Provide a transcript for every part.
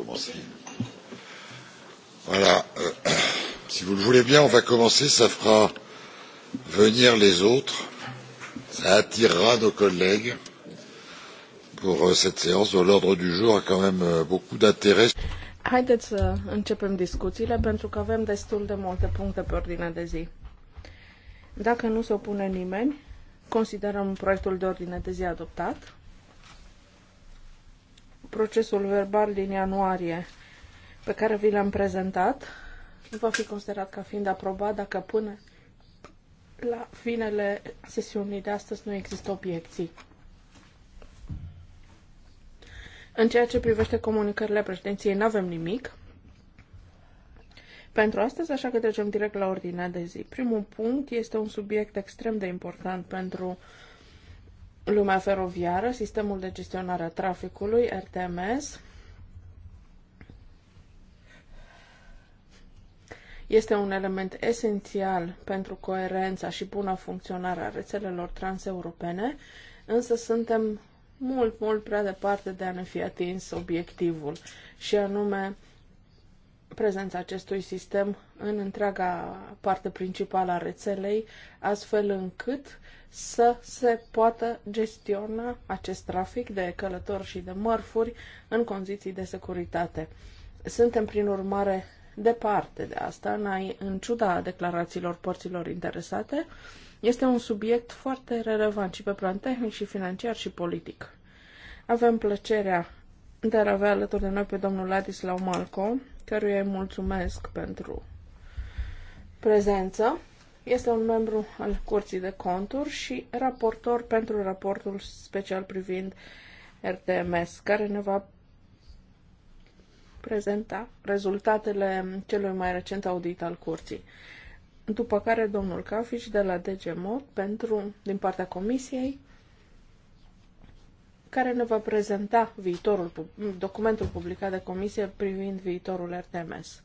commencer. Voilà. Euh, si vous le voulez bien, on va commencer. Ça fera venir les autres. Ça attirera nos collègues pour euh, cette séance l'ordre du jour a quand même euh, beaucoup d'intérêt. Haideți să începem discuțiile pentru că avem destul de multe puncte pe ordine de zi. Dacă nu se opune nimeni, considerăm proiectul de ordine de zi adoptat procesul verbal din ianuarie pe care vi l-am prezentat va fi considerat ca fiind aprobat dacă până la finele sesiunii de astăzi nu există obiecții. În ceea ce privește comunicările președinției, nu avem nimic pentru astăzi, așa că trecem direct la ordinea de zi. Primul punct este un subiect extrem de important pentru lumea feroviară, sistemul de gestionare a traficului, RTMS, este un element esențial pentru coerența și buna funcționare a rețelelor transeuropene, însă suntem mult, mult prea departe de a ne fi atins obiectivul, și anume prezența acestui sistem în întreaga parte principală a rețelei, astfel încât să se poată gestiona acest trafic de călători și de mărfuri în condiții de securitate. Suntem, prin urmare, departe de asta, în ciuda declarațiilor părților interesate. Este un subiect foarte relevant și pe plan tehnic și financiar și politic. Avem plăcerea de a avea alături de noi pe domnul Ladislau Malco, căruia îi mulțumesc pentru prezență. Este un membru al Curții de Conturi și raportor pentru raportul special privind RTMS, care ne va prezenta rezultatele celui mai recent audit al Curții. După care domnul Cafici de la DGMOT pentru, din partea Comisiei care ne va prezenta viitorul, documentul publicat de comisie privind viitorul RTMS.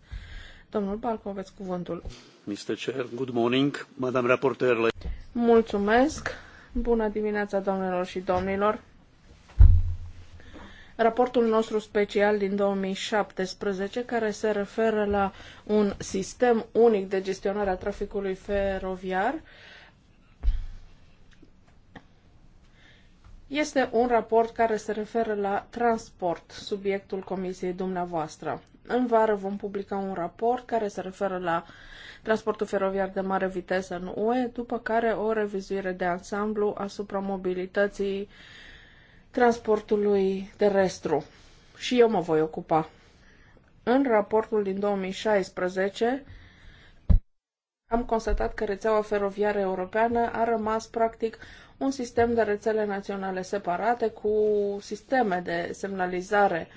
Domnul Balco, aveți cuvântul. Mr. Chair, good morning, Madam reporter. Mulțumesc. Bună dimineața, domnilor și domnilor. Raportul nostru special din 2017, care se referă la un sistem unic de gestionare a traficului feroviar, uh, Este un raport care se referă la transport, subiectul comisiei dumneavoastră. În vară vom publica un raport care se referă la transportul feroviar de mare viteză în UE, după care o revizuire de ansamblu asupra mobilității transportului terestru. Și eu mă voi ocupa. În raportul din 2016 am constatat că rețeaua feroviară europeană a rămas practic un sistem de rețele naționale separate cu sisteme de semnalizare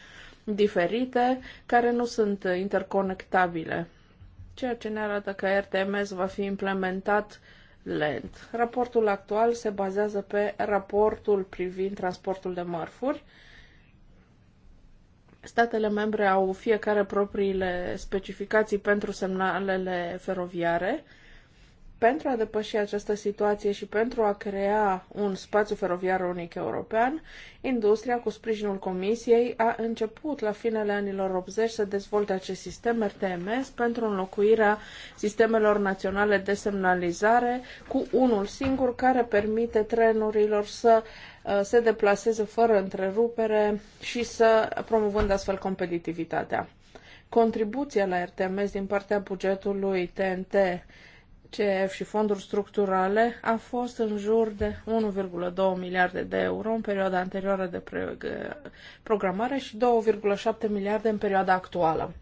diferite care nu sunt interconectabile, ceea ce ne arată că RTMS va fi implementat lent. Raportul actual se bazează pe raportul privind transportul de mărfuri. Statele membre au fiecare propriile specificații pentru semnalele feroviare pentru a depăși această situație și pentru a crea un spațiu feroviar unic european, industria, cu sprijinul Comisiei, a început la finele anilor 80 să dezvolte acest sistem RTMS pentru înlocuirea sistemelor naționale de semnalizare cu unul singur care permite trenurilor să uh, se deplaseze fără întrerupere și să promovând astfel competitivitatea. Contribuția la RTMS din partea bugetului TNT CF și fonduri structurale a fost în jur de 1,2 miliarde de euro în perioada anterioară de programare și 2,7 miliarde în perioada actuală.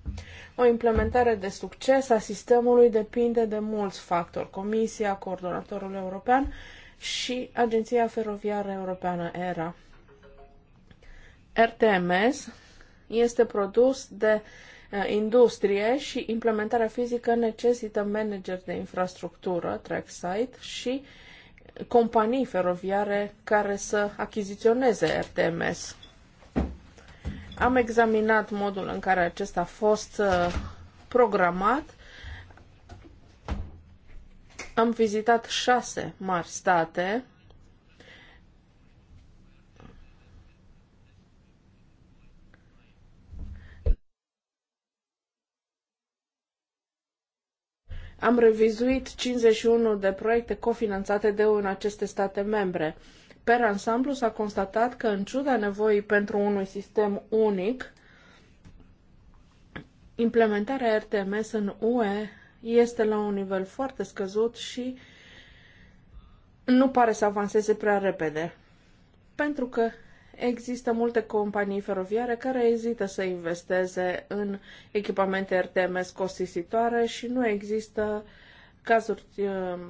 O implementare de succes a sistemului depinde de mulți factori, Comisia, Coordonatorul European și Agenția Feroviară Europeană ERA. RTMS este produs de Uh, industrie și implementarea fizică necesită manageri de infrastructură, trackside și companii feroviare care să achiziționeze RTMS. Am examinat modul în care acesta a fost uh, programat. Am vizitat șase mari state Am revizuit 51 de proiecte cofinanțate de în aceste state membre. Per ansamblu s-a constatat că, în ciuda nevoii pentru unui sistem unic, implementarea RTMS în UE este la un nivel foarte scăzut și nu pare să avanseze prea repede, pentru că Există multe companii feroviare care ezită să investeze în echipamente RTMS costisitoare și nu există cazuri um,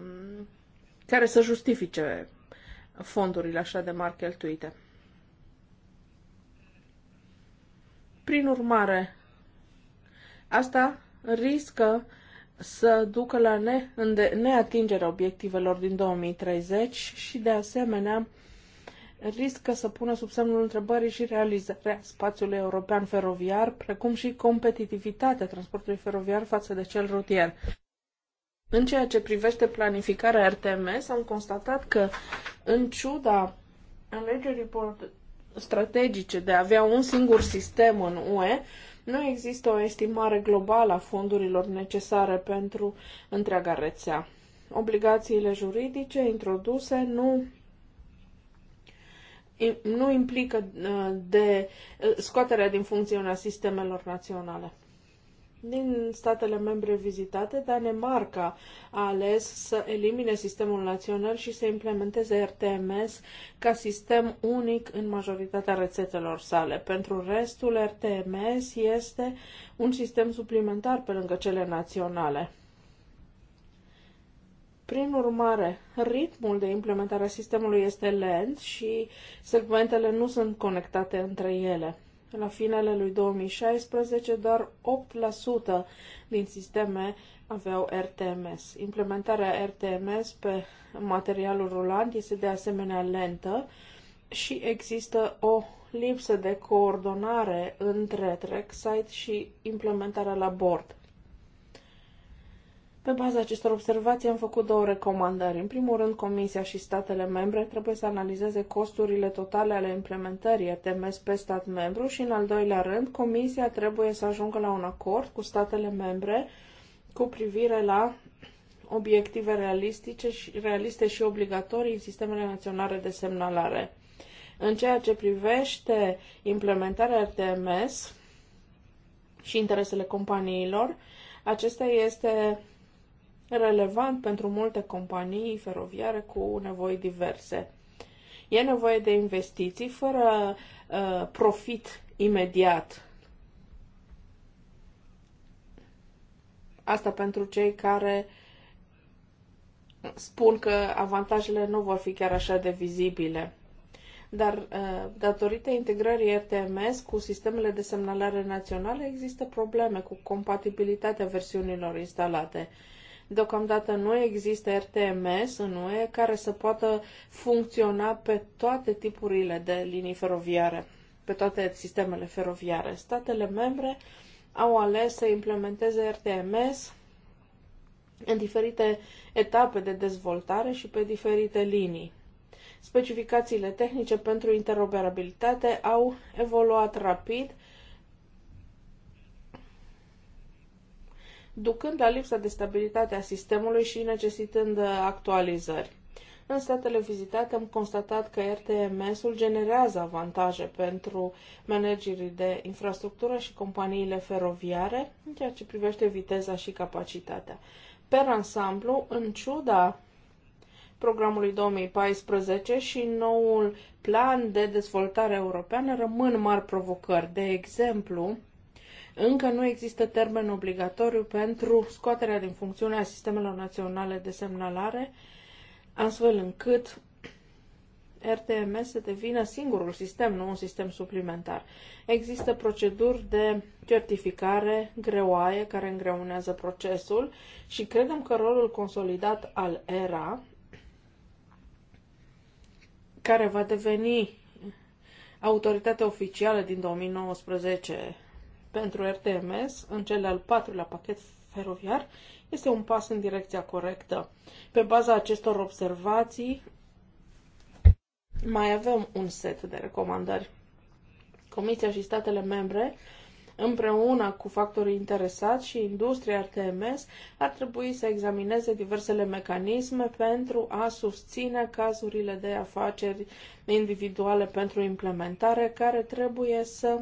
care să justifice fondurile așa de mari cheltuite. Prin urmare, asta riscă să ducă la neatingerea obiectivelor din 2030 și, de asemenea, riscă să pună sub semnul întrebării și realizarea spațiului european feroviar, precum și competitivitatea transportului feroviar față de cel rutier. În ceea ce privește planificarea RTMS, am constatat că, în ciuda alegerii strategice de a avea un singur sistem în UE, nu există o estimare globală a fondurilor necesare pentru întreaga rețea. Obligațiile juridice introduse nu nu implică uh, de uh, scoaterea din funcțiunea sistemelor naționale. Din statele membre vizitate, Danemarca a ales să elimine sistemul național și să implementeze RTMS ca sistem unic în majoritatea rețetelor sale. Pentru restul, RTMS este un sistem suplimentar pe lângă cele naționale. Prin urmare, ritmul de implementare a sistemului este lent și segmentele nu sunt conectate între ele. La finele lui 2016, doar 8% din sisteme aveau RTMS. Implementarea RTMS pe materialul rulant este de asemenea lentă și există o lipsă de coordonare între site și implementarea la bord. Pe baza acestor observații am făcut două recomandări. În primul rând, Comisia și statele membre trebuie să analizeze costurile totale ale implementării TMS pe stat membru și, în al doilea rând, Comisia trebuie să ajungă la un acord cu statele membre cu privire la obiective realistice și, realiste și obligatorii în sistemele naționale de semnalare. În ceea ce privește implementarea RTMS și interesele companiilor, acesta este relevant pentru multe companii feroviare cu nevoi diverse. E nevoie de investiții fără uh, profit imediat. Asta pentru cei care spun că avantajele nu vor fi chiar așa de vizibile. Dar uh, datorită integrării RTMS cu sistemele de semnalare naționale există probleme cu compatibilitatea versiunilor instalate. Uh, Deocamdată nu există RTMS în UE care să poată funcționa pe toate tipurile de linii feroviare, pe toate sistemele feroviare. Statele membre au ales să implementeze RTMS în diferite etape de dezvoltare și pe diferite linii. Specificațiile tehnice pentru interoperabilitate au evoluat rapid ducând la lipsa de stabilitate a sistemului și necesitând uh, actualizări. În statele vizitate am constatat că RTMS-ul generează avantaje pentru managerii de infrastructură și companiile feroviare în ceea ce privește viteza și capacitatea. Per ansamblu, în ciuda programului 2014 și noul plan de dezvoltare europeană rămân mari provocări. De exemplu, încă nu există termen obligatoriu pentru scoaterea din funcțiune a sistemelor naționale de semnalare, astfel încât RTMS să devină singurul sistem, nu un sistem suplimentar. Există proceduri de certificare greoaie care îngreunează procesul și credem că rolul consolidat al ERA, care va deveni autoritatea oficială din 2019 pentru RTMS în cel al patrulea pachet feroviar este un pas în direcția corectă. Pe baza acestor observații, mai avem un set de recomandări. Comisia și statele membre, împreună cu factorii interesați și industria RTMS, ar trebui să examineze diversele mecanisme pentru a susține cazurile de afaceri individuale pentru implementare, care trebuie să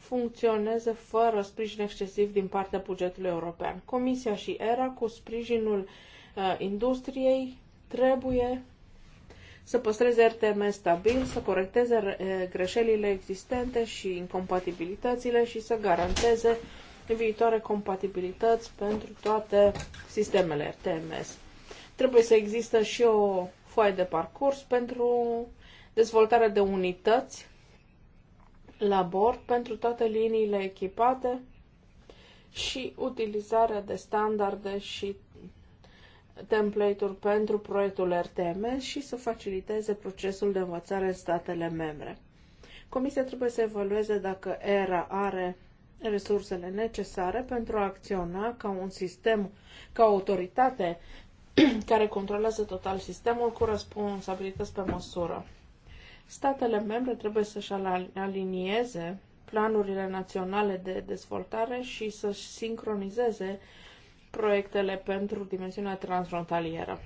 funcționeze fără sprijin excesiv din partea bugetului european. Comisia și ERA, cu sprijinul uh, industriei, trebuie să păstreze RTM stabil, să corecteze uh, greșelile existente și incompatibilitățile și să garanteze viitoare compatibilități pentru toate sistemele RTMS. Trebuie să există și o foaie de parcurs pentru dezvoltarea de unități la bord pentru toate liniile echipate și utilizarea de standarde și template-uri pentru proiectul RTMS și să faciliteze procesul de învățare în statele membre. Comisia trebuie să evalueze dacă ERA are resursele necesare pentru a acționa ca un sistem, ca o autoritate care controlează total sistemul cu responsabilități pe măsură. Statele membre trebuie să-și alinieze planurile naționale de dezvoltare și să-și sincronizeze proiectele pentru dimensiunea transfrontalieră.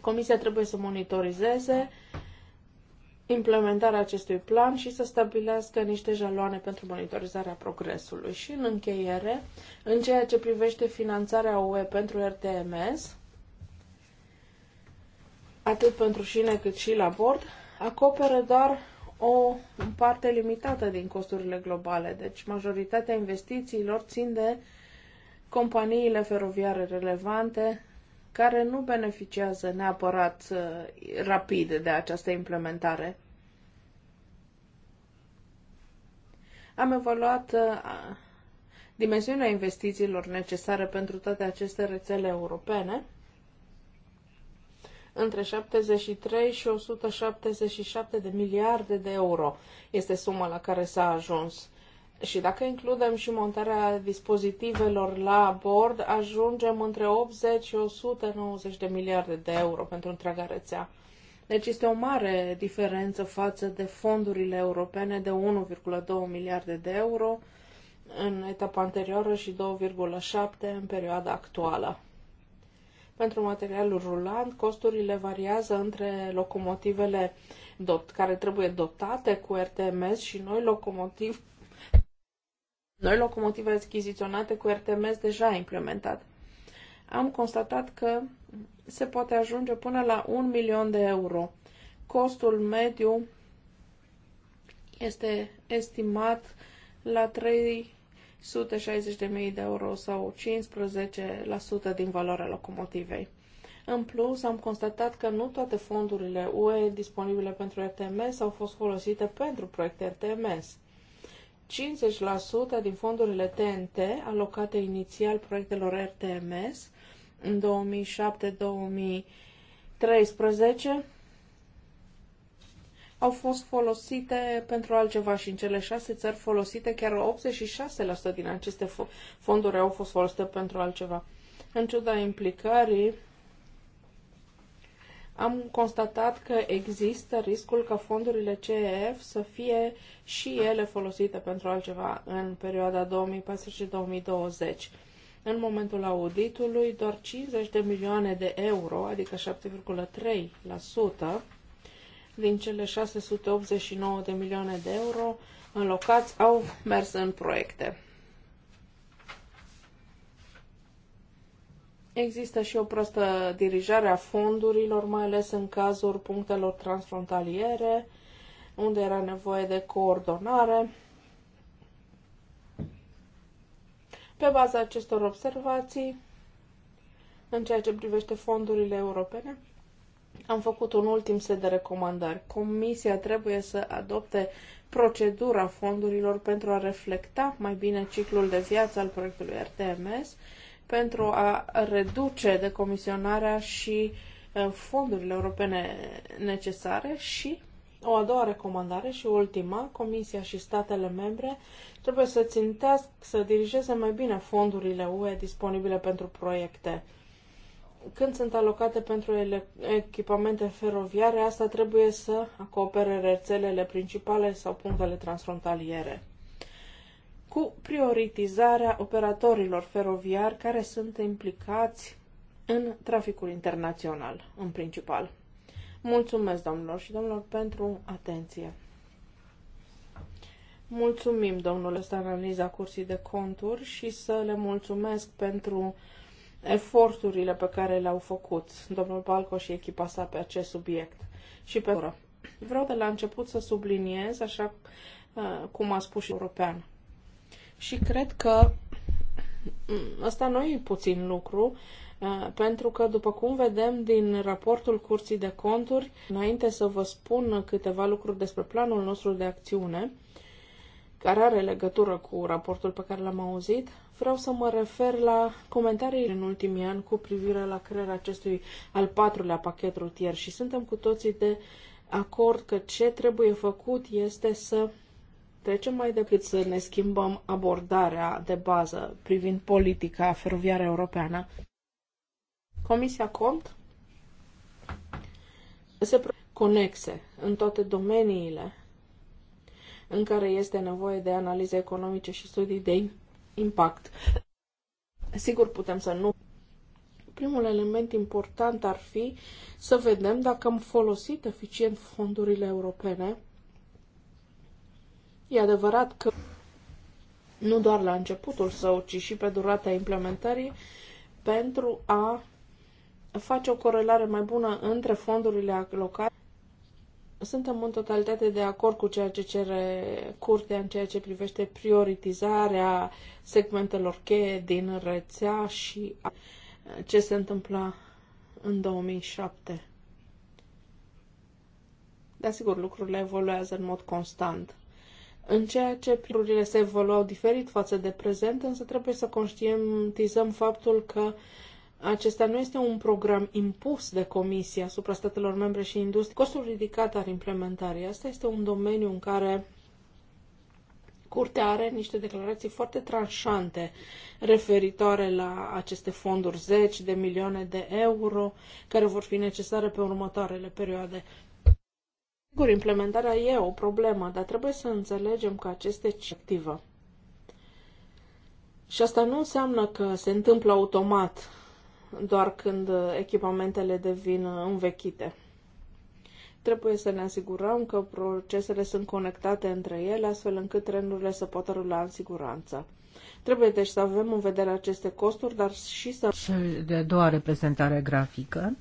Comisia trebuie să monitorizeze implementarea acestui plan și să stabilească niște jaloane pentru monitorizarea progresului. Și în încheiere, în ceea ce privește finanțarea UE pentru RTMS, atât pentru șine cât și la bord, acoperă doar o parte limitată din costurile globale, deci majoritatea investițiilor țin de companiile feroviare relevante care nu beneficiază neapărat uh, rapid de această implementare. Am evaluat uh, dimensiunea investițiilor necesare pentru toate aceste rețele europene între 73 și 177 de miliarde de euro este suma la care s-a ajuns. Și dacă includem și montarea dispozitivelor la bord, ajungem între 80 și 190 de miliarde de euro pentru întreaga rețea. Deci este o mare diferență față de fondurile europene de 1,2 miliarde de euro în etapa anterioară și 2,7 în perioada actuală. Pentru materialul rulant, costurile variază între locomotivele dot, care trebuie dotate cu RTMS și noi locomotiv noi locomotive achiziționate cu RTMS deja implementat. Am constatat că se poate ajunge până la 1 milion de euro. Costul mediu este estimat la 3 160.000 de euro sau 15% din valoarea locomotivei. În plus, am constatat că nu toate fondurile UE disponibile pentru RTMS au fost folosite pentru proiecte RTMS. 50% din fondurile TNT alocate inițial proiectelor RTMS în 2007-2013 au fost folosite pentru altceva și în cele șase țări folosite, chiar 86% din aceste fonduri au fost folosite pentru altceva. În ciuda implicării, am constatat că există riscul ca fondurile CEF să fie și ele folosite pentru altceva în perioada 2014-2020. În momentul auditului, doar 50 de milioane de euro, adică 7,3%, din cele 689 de milioane de euro înlocați au mers în proiecte. Există și o prostă dirijare a fondurilor, mai ales în cazul punctelor transfrontaliere, unde era nevoie de coordonare. Pe baza acestor observații, în ceea ce privește fondurile europene, am făcut un ultim set de recomandări. Comisia trebuie să adopte procedura fondurilor pentru a reflecta mai bine ciclul de viață al proiectului RTMS, pentru a reduce decomisionarea și fondurile europene necesare și o a doua recomandare și ultima, Comisia și statele membre trebuie să țintească, să dirigeze mai bine fondurile UE disponibile pentru proiecte când sunt alocate pentru echipamente feroviare, asta trebuie să acopere rețelele principale sau punctele transfrontaliere cu prioritizarea operatorilor feroviari care sunt implicați în traficul internațional, în principal. Mulțumesc, domnilor și domnilor, pentru atenție. Mulțumim, domnule Stanaliza cursii de Conturi și să le mulțumesc pentru eforturile pe care le-au făcut domnul Balco și echipa sa pe acest subiect și pe ură. Vreau de la început să subliniez, așa uh, cum a spus și european. Și cred că mm, ăsta nu e puțin lucru, uh, pentru că, după cum vedem din raportul Curții de Conturi, înainte să vă spun câteva lucruri despre planul nostru de acțiune, care are legătură cu raportul pe care l-am auzit, vreau să mă refer la comentariile în ultimii ani cu privire la crearea acestui al patrulea pachet rutier și suntem cu toții de acord că ce trebuie făcut este să trecem mai decât să ne schimbăm abordarea de bază privind politica feroviară europeană. Comisia Cont se conexe în toate domeniile în care este nevoie de analize economice și studii de impact. Sigur, putem să nu. Primul element important ar fi să vedem dacă am folosit eficient fondurile europene. E adevărat că nu doar la începutul său, ci și pe durata implementării, pentru a face o corelare mai bună între fondurile alocate suntem în totalitate de acord cu ceea ce cere curtea în ceea ce privește prioritizarea segmentelor cheie din rețea și ce se întâmpla în 2007. Dar sigur, lucrurile evoluează în mod constant. În ceea ce lucrurile se evoluau diferit față de prezent, însă trebuie să conștientizăm faptul că acesta nu este un program impus de Comisie asupra statelor membre și industrie. Costul ridicat al implementării. Asta este un domeniu în care Curtea are niște declarații foarte tranșante referitoare la aceste fonduri, zeci de milioane de euro, care vor fi necesare pe următoarele perioade. Sigur, implementarea e o problemă, dar trebuie să înțelegem că aceste activă. Și asta nu înseamnă că se întâmplă automat doar când echipamentele devin învechite. Trebuie să ne asigurăm că procesele sunt conectate între ele, astfel încât trenurile să poată rula în siguranță. Trebuie deci să avem în vedere aceste costuri, dar și să... Și de a doua reprezentare grafică.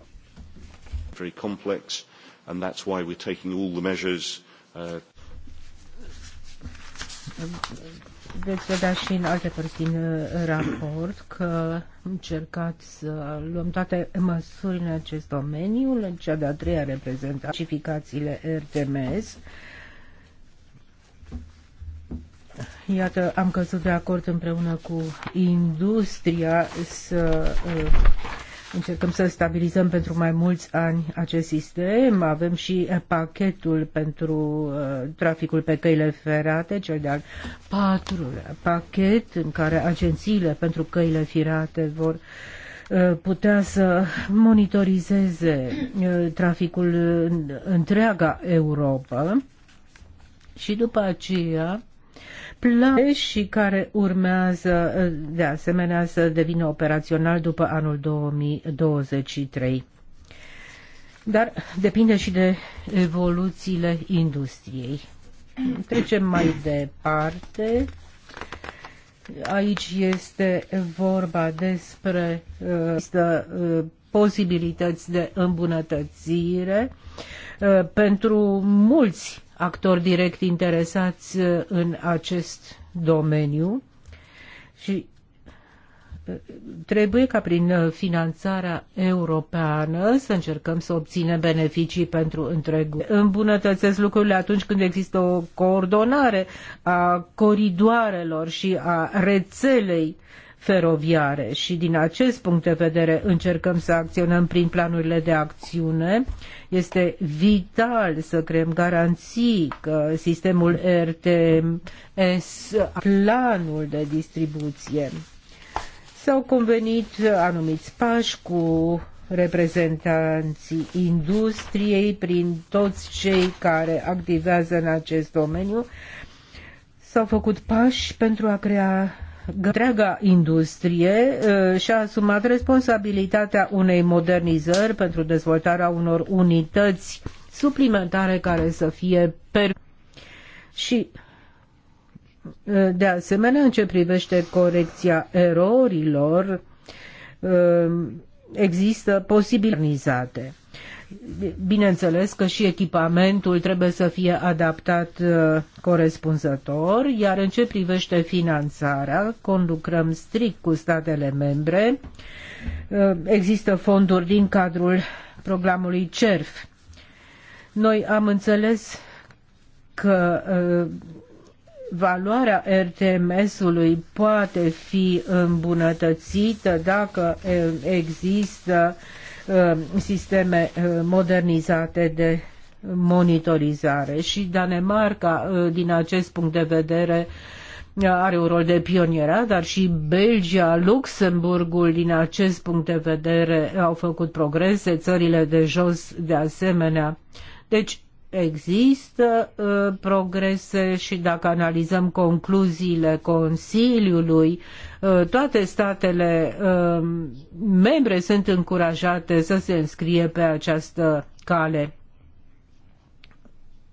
Very complex, and that's why we're taking all the measures uh... Veți vedea și în alte părți din uh, raport că încercați să luăm toate măsurile în acest domeniu, în cea de-a treia reprezentă clasificațiile RTMS. Iată, am căzut de acord împreună cu industria să uh, Încercăm să stabilizăm pentru mai mulți ani acest sistem. Avem și eh, pachetul pentru eh, traficul pe căile ferate, cel de-al patrulea pachet în care agențiile pentru căile ferate vor eh, putea să monitorizeze traficul în întreaga Europa și după aceea plăte și care urmează de asemenea să devină operațional după anul 2023. Dar depinde și de evoluțiile industriei. Trecem mai departe. Aici este vorba despre uh, uh posibilități de îmbunătățire uh, pentru mulți actori direct interesați uh, în acest domeniu și uh, trebuie ca prin finanțarea europeană să încercăm să obținem beneficii pentru întregul. Îmbunătățesc lucrurile atunci când există o coordonare a coridoarelor și a rețelei feroviare și din acest punct de vedere încercăm să acționăm prin planurile de acțiune. Este vital să creăm garanții că sistemul RTMS, planul de distribuție. S-au convenit anumiți pași cu reprezentanții industriei, prin toți cei care activează în acest domeniu. S-au făcut pași pentru a crea întreaga industrie uh, și-a asumat responsabilitatea unei modernizări pentru dezvoltarea unor unități suplimentare care să fie per și uh, de asemenea, în ce privește corecția erorilor, uh, există posibilizate. Bineînțeles că și echipamentul trebuie să fie adaptat uh, corespunzător, iar în ce privește finanțarea, conducrăm strict cu statele membre. Uh, există fonduri din cadrul programului CERF. Noi am înțeles că uh, valoarea RTMS-ului poate fi îmbunătățită dacă există uh, Uh, sisteme uh, modernizate de monitorizare și Danemarca uh, din acest punct de vedere are un rol de pioniera, dar și Belgia, Luxemburgul din acest punct de vedere au făcut progrese, țările de jos de asemenea. Deci există uh, progrese și dacă analizăm concluziile Consiliului, uh, toate statele uh, membre sunt încurajate să se înscrie pe această cale.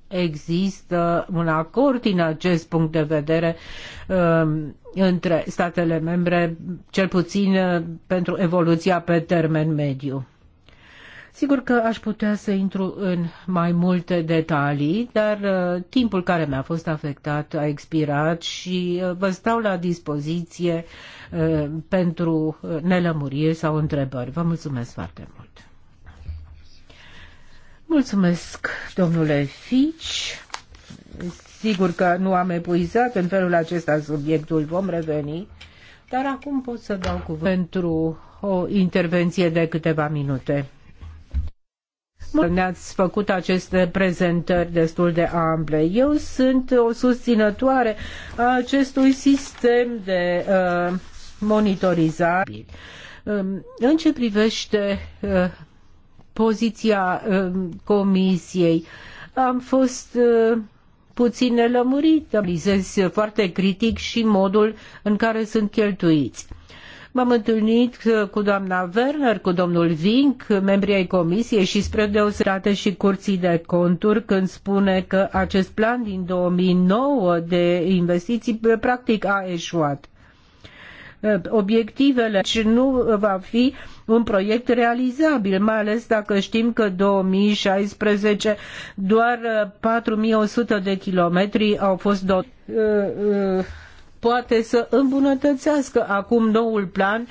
Există un acord din acest punct de vedere între statele membre, cel puțin pentru evoluția pe termen mediu. Sigur că aș putea să intru în mai multe detalii, dar uh, timpul care mi-a fost afectat a expirat și uh, vă stau la dispoziție uh, pentru uh, nelămurie sau întrebări. Vă mulțumesc foarte mult! Mulțumesc, domnule Fici. Sigur că nu am epuizat în felul acesta subiectul, vom reveni. Dar acum pot să dau cuvânt pentru o intervenție de câteva minute. Ne-ați făcut aceste prezentări destul de ample. Eu sunt o susținătoare a acestui sistem de uh, monitorizare. Um, în ce privește uh, poziția um, comisiei, am fost uh, puțin nelămurită. Lizez foarte critic și modul în care sunt cheltuiți. M-am întâlnit uh, cu doamna Werner, cu domnul Vink, membrii ai comisiei și spre deosebire și curții de conturi când spune că acest plan din 2009 de investiții uh, practic a eșuat uh, obiectivele și deci, nu va fi un proiect realizabil, mai ales dacă știm că 2016 doar 4100 de kilometri au fost dotați poate să îmbunătățească acum noul plan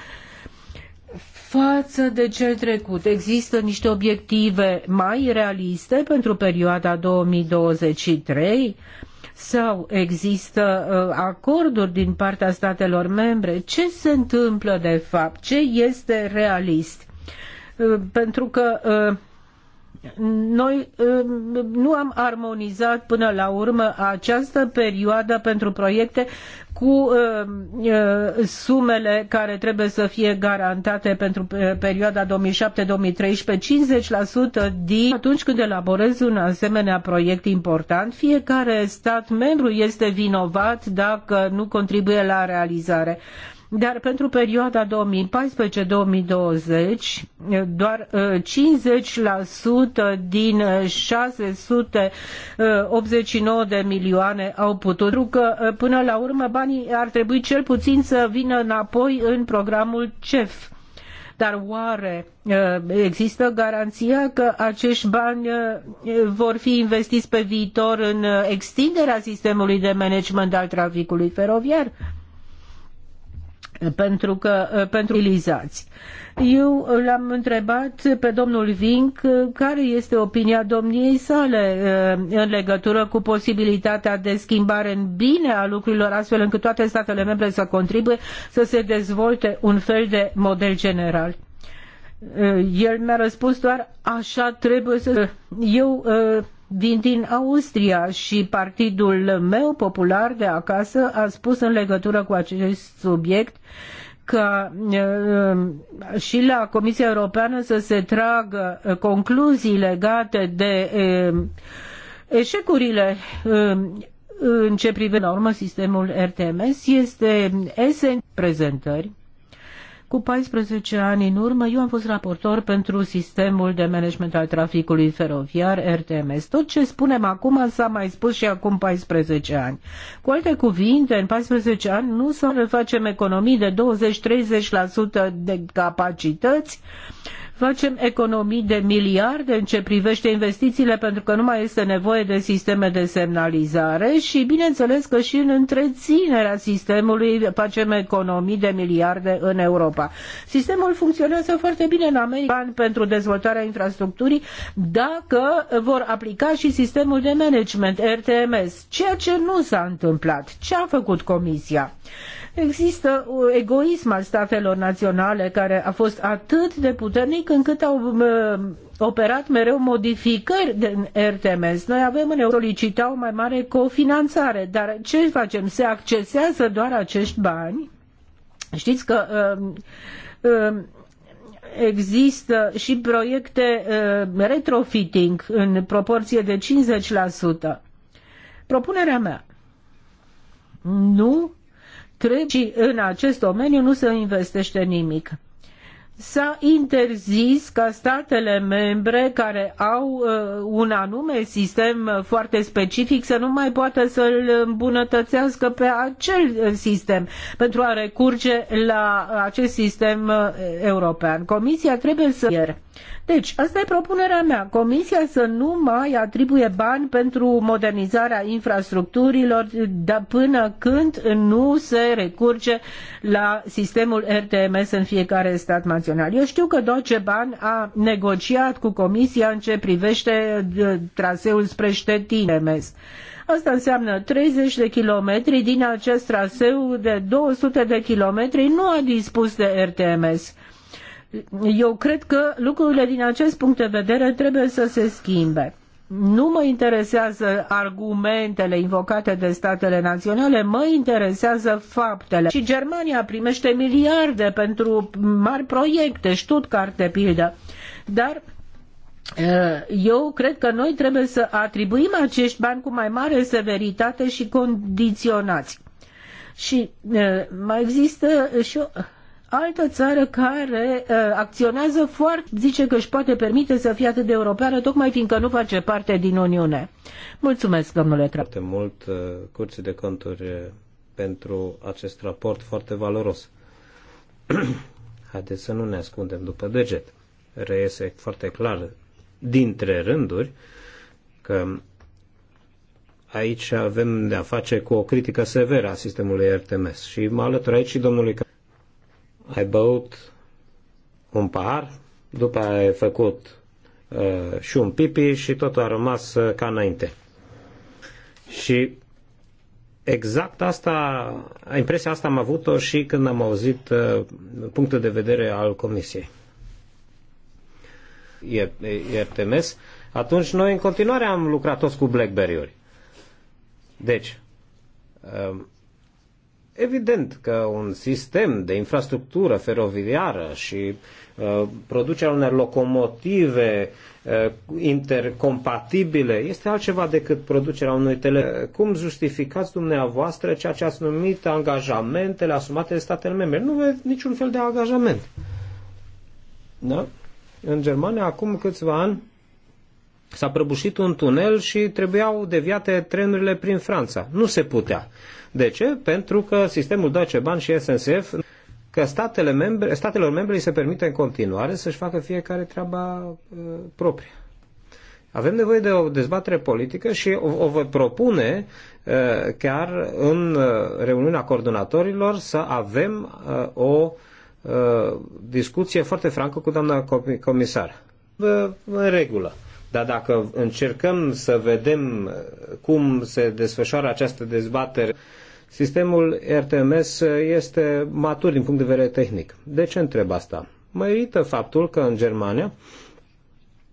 față de cel trecut. Există niște obiective mai realiste pentru perioada 2023 sau există uh, acorduri din partea statelor membre? Ce se întâmplă de fapt? Ce este realist? Uh, pentru că uh, noi um, nu am armonizat până la urmă această perioadă pentru proiecte cu um, uh, sumele care trebuie să fie garantate pentru uh, perioada 2007-2013, 50% din atunci când elaborezi un asemenea proiect important, fiecare stat membru este vinovat dacă nu contribuie la realizare dar pentru perioada 2014-2020 doar 50% uh, din 689 uh, uh, de milioane au putut. Pentru că până la urmă banii ar trebui cel puțin să vină înapoi în programul CEF. Dar oare există garanția că acești bani vor fi investiți pe viitor în extinderea sistemului de management al traficului feroviar? pentru că eh, pentru utilizați. Eu l-am întrebat pe domnul Vinc eh, care este opinia domniei sale eh, în legătură cu posibilitatea de schimbare în bine a lucrurilor, astfel încât toate statele membre să contribuie să se dezvolte un fel de model general. El mi-a răspuns doar așa trebuie să... Eu din, din Austria și partidul meu popular de acasă a spus în legătură cu acest subiect ca uh, și la Comisia Europeană să se tragă uh, concluzii legate de uh, eșecurile în ce privește la urmă sistemul RTMS este esențial prezentări cu 14 ani în urmă, eu am fost raportor pentru sistemul de management al traficului feroviar, RTMS. Tot ce spunem acum s-a mai spus și acum 14 ani. Cu alte cuvinte, în 14 ani nu să facem economii de 20-30% de capacități facem economii de miliarde în ce privește investițiile pentru că nu mai este nevoie de sisteme de semnalizare și bineînțeles că și în întreținerea sistemului facem economii de miliarde în Europa. Sistemul funcționează foarte bine în America pentru dezvoltarea infrastructurii dacă vor aplica și sistemul de management RTMS, ceea ce nu s-a întâmplat. Ce a făcut Comisia? Există un uh, egoism al statelor naționale care a fost atât de puternic încât au uh, operat mereu modificări din RTMS. Noi avem în solicita o mai mare cofinanțare, dar ce facem? Se accesează doar acești bani? Știți că uh, există și proiecte uh, retrofitting în proporție de 50%. Propunerea mea nu întreg în acest domeniu nu se investește nimic s-a interzis ca statele membre care au uh, un anume sistem foarte specific să nu mai poată să-l îmbunătățească pe acel sistem pentru a recurge la acest sistem uh, european. Comisia trebuie să... Deci, asta e propunerea mea. Comisia să nu mai atribuie bani pentru modernizarea infrastructurilor de până când nu se recurge la sistemul RTMS în fiecare stat național internațional. Eu știu că Deutsche Bahn a negociat cu Comisia în ce privește uh, traseul spre Ștetin. Asta înseamnă 30 de kilometri din acest traseu de 200 de kilometri nu a dispus de RTMS. Eu cred că lucrurile din acest punct de vedere trebuie să se schimbe nu mă interesează argumentele invocate de statele naționale, mă interesează faptele. Și Germania primește miliarde pentru mari proiecte, Stuttgart de pildă. Dar eh, eu cred că noi trebuie să atribuim acești bani cu mai mare severitate și condiționați. Și eh, mai există și o altă țară care uh, acționează foarte, zice că își poate permite să fie atât de europeană, tocmai fiindcă nu face parte din Uniune. Mulțumesc, domnule Tra. Foarte mult uh, curții de conturi uh, pentru acest raport foarte valoros. Haideți să nu ne ascundem după deget. Reiese foarte clar dintre rânduri că aici avem de-a face cu o critică severă a sistemului RTMS și mă alătur aici și domnului ai băut un pahar, după ai făcut uh, și un pipi și totul a rămas uh, ca înainte. Și exact asta, impresia asta am avut-o și când am auzit uh, punctul de vedere al comisiei. Iertemes. atunci noi în continuare am lucrat toți cu Blackberry-uri. Deci, uh, Evident că un sistem de infrastructură feroviară și uh, producerea unor locomotive uh, intercompatibile este altceva decât producerea unui tele. Cum justificați dumneavoastră ceea ce ați numit angajamentele asumate de statele membre? Nu văd niciun fel de angajament. Da? În Germania, acum câțiva ani, S-a prăbușit un tunel și trebuiau deviate trenurile prin Franța. Nu se putea. De ce? Pentru că sistemul Deutsche Bahn și SNCF că statele membre, statelor membre îi se permite în continuare să-și facă fiecare treaba uh, proprie. Avem nevoie de o dezbatere politică și o, o voi propune uh, chiar în uh, reuniunea coordonatorilor să avem o discuție foarte francă cu doamna comisar. în regulă. Dar dacă încercăm să vedem uh, cum se desfășoară această dezbatere, sistemul RTMS uh, este matur din punct de vedere tehnic. De ce întreb asta? Mă irită faptul că în Germania,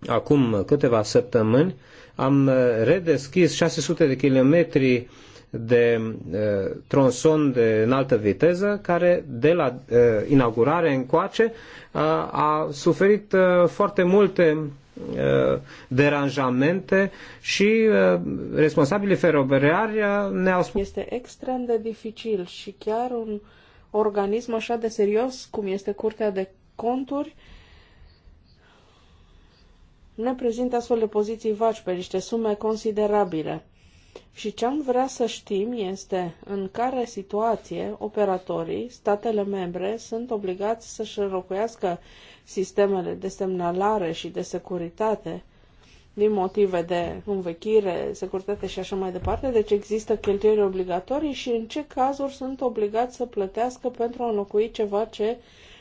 acum câteva săptămâni, am uh, redeschis 600 de kilometri de uh, tronson de înaltă viteză, care de la uh, inaugurare încoace uh, a suferit uh, foarte multe Eh, deranjamente și eh, responsabilii feroviari eh, ne-au spus. Este extrem de dificil și chiar un organism așa de serios cum este Curtea de Conturi ne prezintă astfel de poziții vaci pe niște sume considerabile. Și ce am vrea să știm este în care situație operatorii, statele membre, sunt obligați să-și înlocuiască sistemele de semnalare și de securitate din motive de învechire, securitate și așa mai departe. Deci există cheltuieli obligatorii și în ce cazuri sunt obligați să plătească pentru a înlocui ceva ce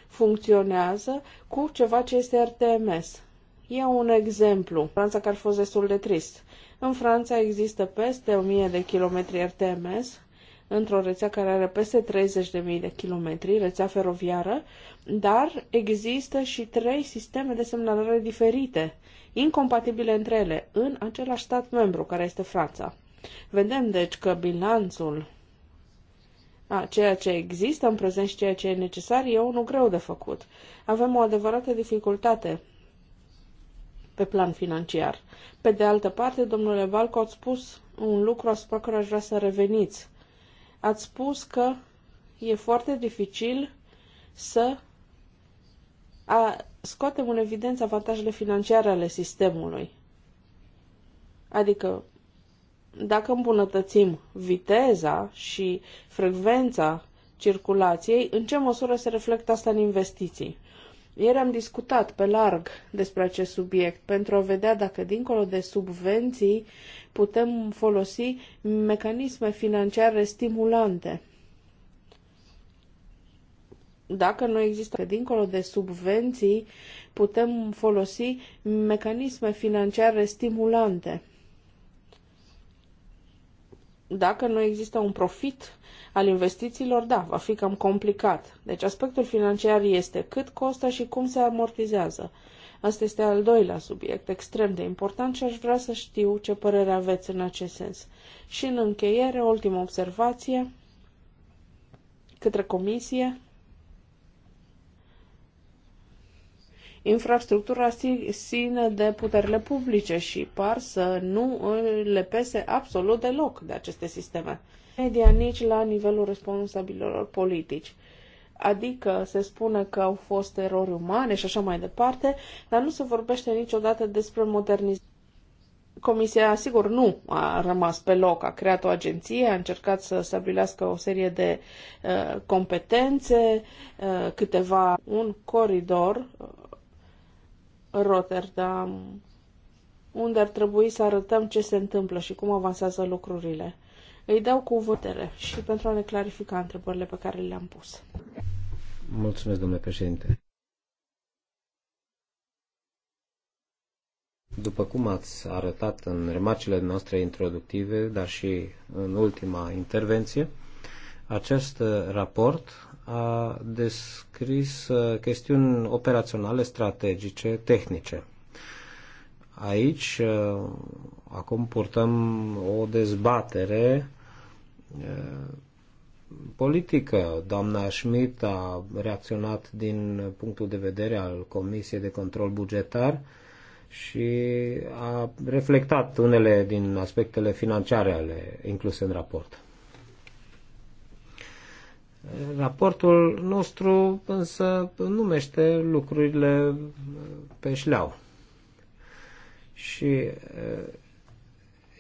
funcționează cu ceva ce este RTMS. E un exemplu, Franța care a fost destul de trist. În Franța există peste 1000 de kilometri RTMS, într-o rețea care are peste 30.000 de kilometri, rețea feroviară, dar există și trei sisteme de semnalare diferite, incompatibile între ele, în același stat membru, care este Franța. Vedem, deci, că bilanțul a ceea ce există în prezent și ceea ce e necesar e unul greu de făcut. Avem o adevărată dificultate pe plan financiar. Pe de altă parte, domnule Valco, ați spus un lucru asupra care aș vrea să reveniți. Ați spus că e foarte dificil să a, scoatem în evidență avantajele financiare ale sistemului. Adică, dacă îmbunătățim viteza și frecvența circulației, în ce măsură se reflectă asta în investiții? Ieri am discutat pe larg despre acest subiect pentru a vedea dacă, dincolo de subvenții, putem folosi mecanisme financiare stimulante. Dacă nu există, dincolo de subvenții, putem folosi mecanisme financiare stimulante. Dacă nu există un profit al investițiilor, da, va fi cam complicat. Deci aspectul financiar este cât costă și cum se amortizează. Asta este al doilea subiect extrem de important și aș vrea să știu ce părere aveți în acest sens. Și în încheiere, ultima observație către comisie. infrastructura sine de puterile publice și par să nu le pese absolut deloc de aceste sisteme. Media nici la nivelul responsabililor politici. Adică se spune că au fost erori umane și așa mai departe, dar nu se vorbește niciodată despre modernizare. Comisia, sigur, nu a rămas pe loc, a creat o agenție, a încercat să stabilească o serie de uh, competențe, uh, câteva, un coridor Rotterdam, unde ar trebui să arătăm ce se întâmplă și cum avansează lucrurile. Îi dau cuvântele și pentru a ne clarifica întrebările pe care le-am pus. Mulțumesc, domnule președinte. După cum ați arătat în remarcile noastre introductive, dar și în ultima intervenție, acest raport a des, scris uh, chestiuni operaționale, strategice, tehnice. Aici, uh, acum purtăm o dezbatere uh, politică. Doamna Schmidt a reacționat din punctul de vedere al Comisiei de Control Bugetar și a reflectat unele din aspectele financiare ale incluse în raport. Raportul nostru însă numește lucrurile pe șleau. Și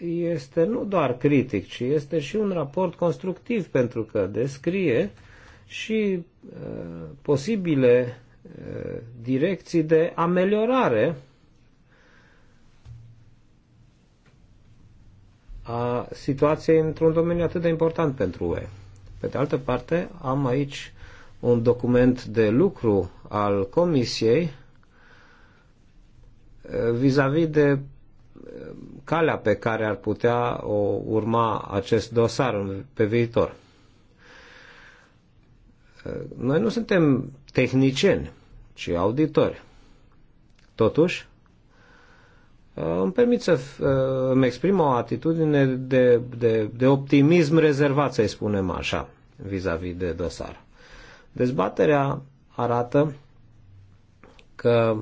este nu doar critic, ci este și un raport constructiv pentru că descrie și posibile direcții de ameliorare a situației într-un domeniu atât de important pentru UE. Pe de altă parte, am aici un document de lucru al Comisiei eh, vis-a-vis -vis de eh, calea pe care ar putea o urma acest dosar pe viitor. Eh, noi nu suntem tehnicieni, ci auditori. Totuși, îmi permit să îmi exprim o atitudine de, de, de optimism rezervat, să-i spunem așa vis-a-vis -vis de dosar. Dezbaterea arată că,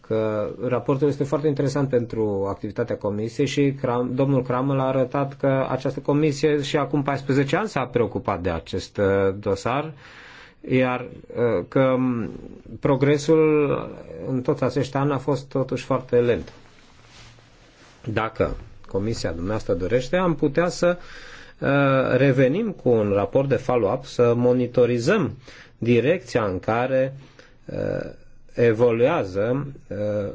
că raportul este foarte interesant pentru activitatea comisiei și Cram, domnul Cramel a arătat că această comisie și acum 14 ani s-a preocupat de acest uh, dosar, iar uh, că um, progresul în toți acești ani a fost totuși foarte lent. Dacă comisia dumneavoastră dorește, am putea să uh, Eh, revenim cu un raport de follow-up să monitorizăm direcția în care eh, evoluează eh,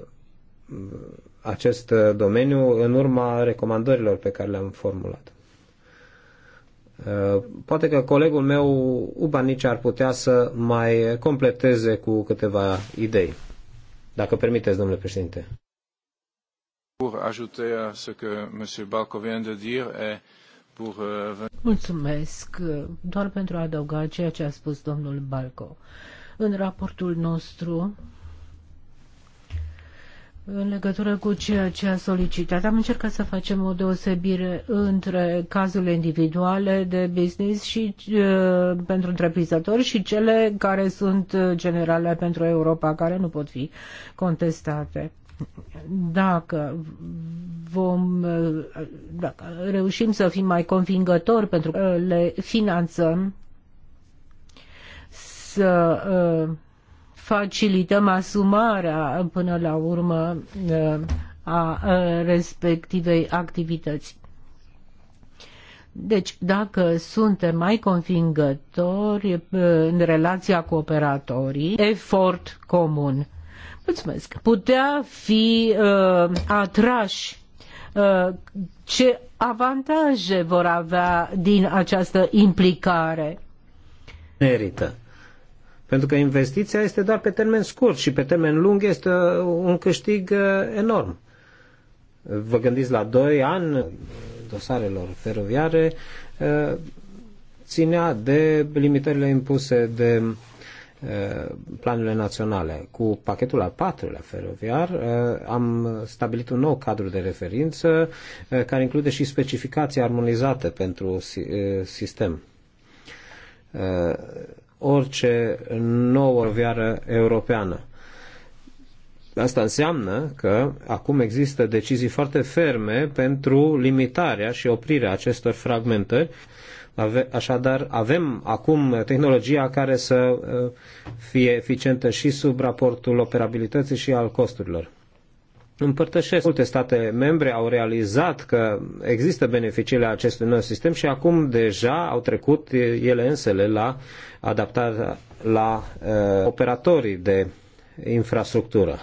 acest domeniu în urma recomandărilor pe care le-am formulat. Poate că colegul meu, Ubanici, ar putea să mai completeze cu câteva idei. Dacă permiteți, domnule președinte. Pour ajouter à ce que M. Balco vient de dire et Euh, Mulțumesc uh, doar pentru a adăuga ceea ce a spus domnul Balco. În raportul nostru, în legătură cu ceea ce a solicitat, am încercat să facem o deosebire între cazurile individuale de business și uh, pentru întreprinzători și cele care sunt uh, generale pentru Europa, care nu pot fi contestate dacă vom dacă reușim să fim mai convingători pentru că le finanțăm să uh, facilităm asumarea până la urmă uh, a uh, respectivei activități. Deci, dacă suntem mai convingători în relația cu operatorii, efort comun mulțumesc, putea fi uh, atrași uh, ce avantaje vor avea din această implicare? Merită. Pentru că investiția este doar pe termen scurt și pe termen lung este un câștig uh, enorm. Vă gândiți la 2 ani dosarelor feroviare uh, ținea de limitările impuse de Uh, planurile naționale. Cu pachetul al patrulea feroviar uh, am stabilit un nou cadru de referință uh, care include și specificații armonizate pentru sistem. Orice nouă viară europeană. Asta înseamnă că acum există decizii foarte ferme pentru limitarea și oprirea acestor fragmentări Ave, așadar, avem acum tehnologia care să uh, fie eficientă și sub raportul operabilității și al costurilor. Împărtășesc. Multe state membre au realizat că există beneficiile acestui nou sistem și acum deja au trecut ele însele la adaptarea la uh, operatorii de infrastructură.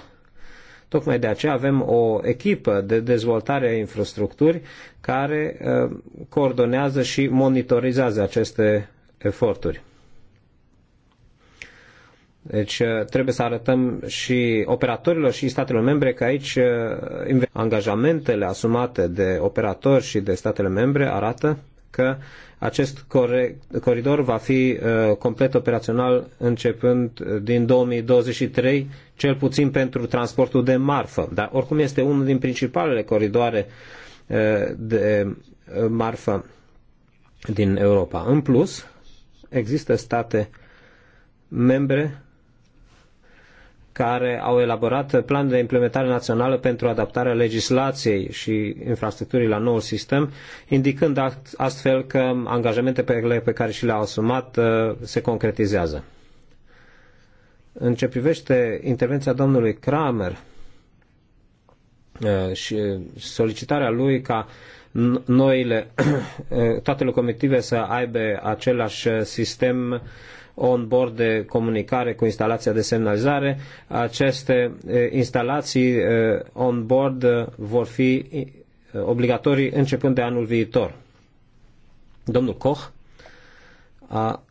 Tocmai de aceea avem o echipă de dezvoltare a infrastructuri care uh, coordonează și monitorizează aceste eforturi. Deci uh, trebuie să arătăm și operatorilor și statelor membre că aici uh, angajamentele asumate de operatori și de statele membre arată că acest coridor va fi uh, complet operațional începând uh, din 2023, cel puțin pentru transportul de marfă. Dar oricum este unul din principalele coridoare uh, de marfă din Europa. În plus, există state membre care au elaborat plan de implementare națională pentru adaptarea legislației și infrastructurii la noul sistem, indicând astfel că angajamentele pe care și le-au asumat uh, se concretizează. În ce privește intervenția domnului Kramer uh, și solicitarea lui ca noile, toate locomotive să aibă același sistem on-board de comunicare cu instalația de semnalizare. Aceste eh, instalații eh, on-board eh, vor fi obligatorii începând de anul viitor. Domnul Koch a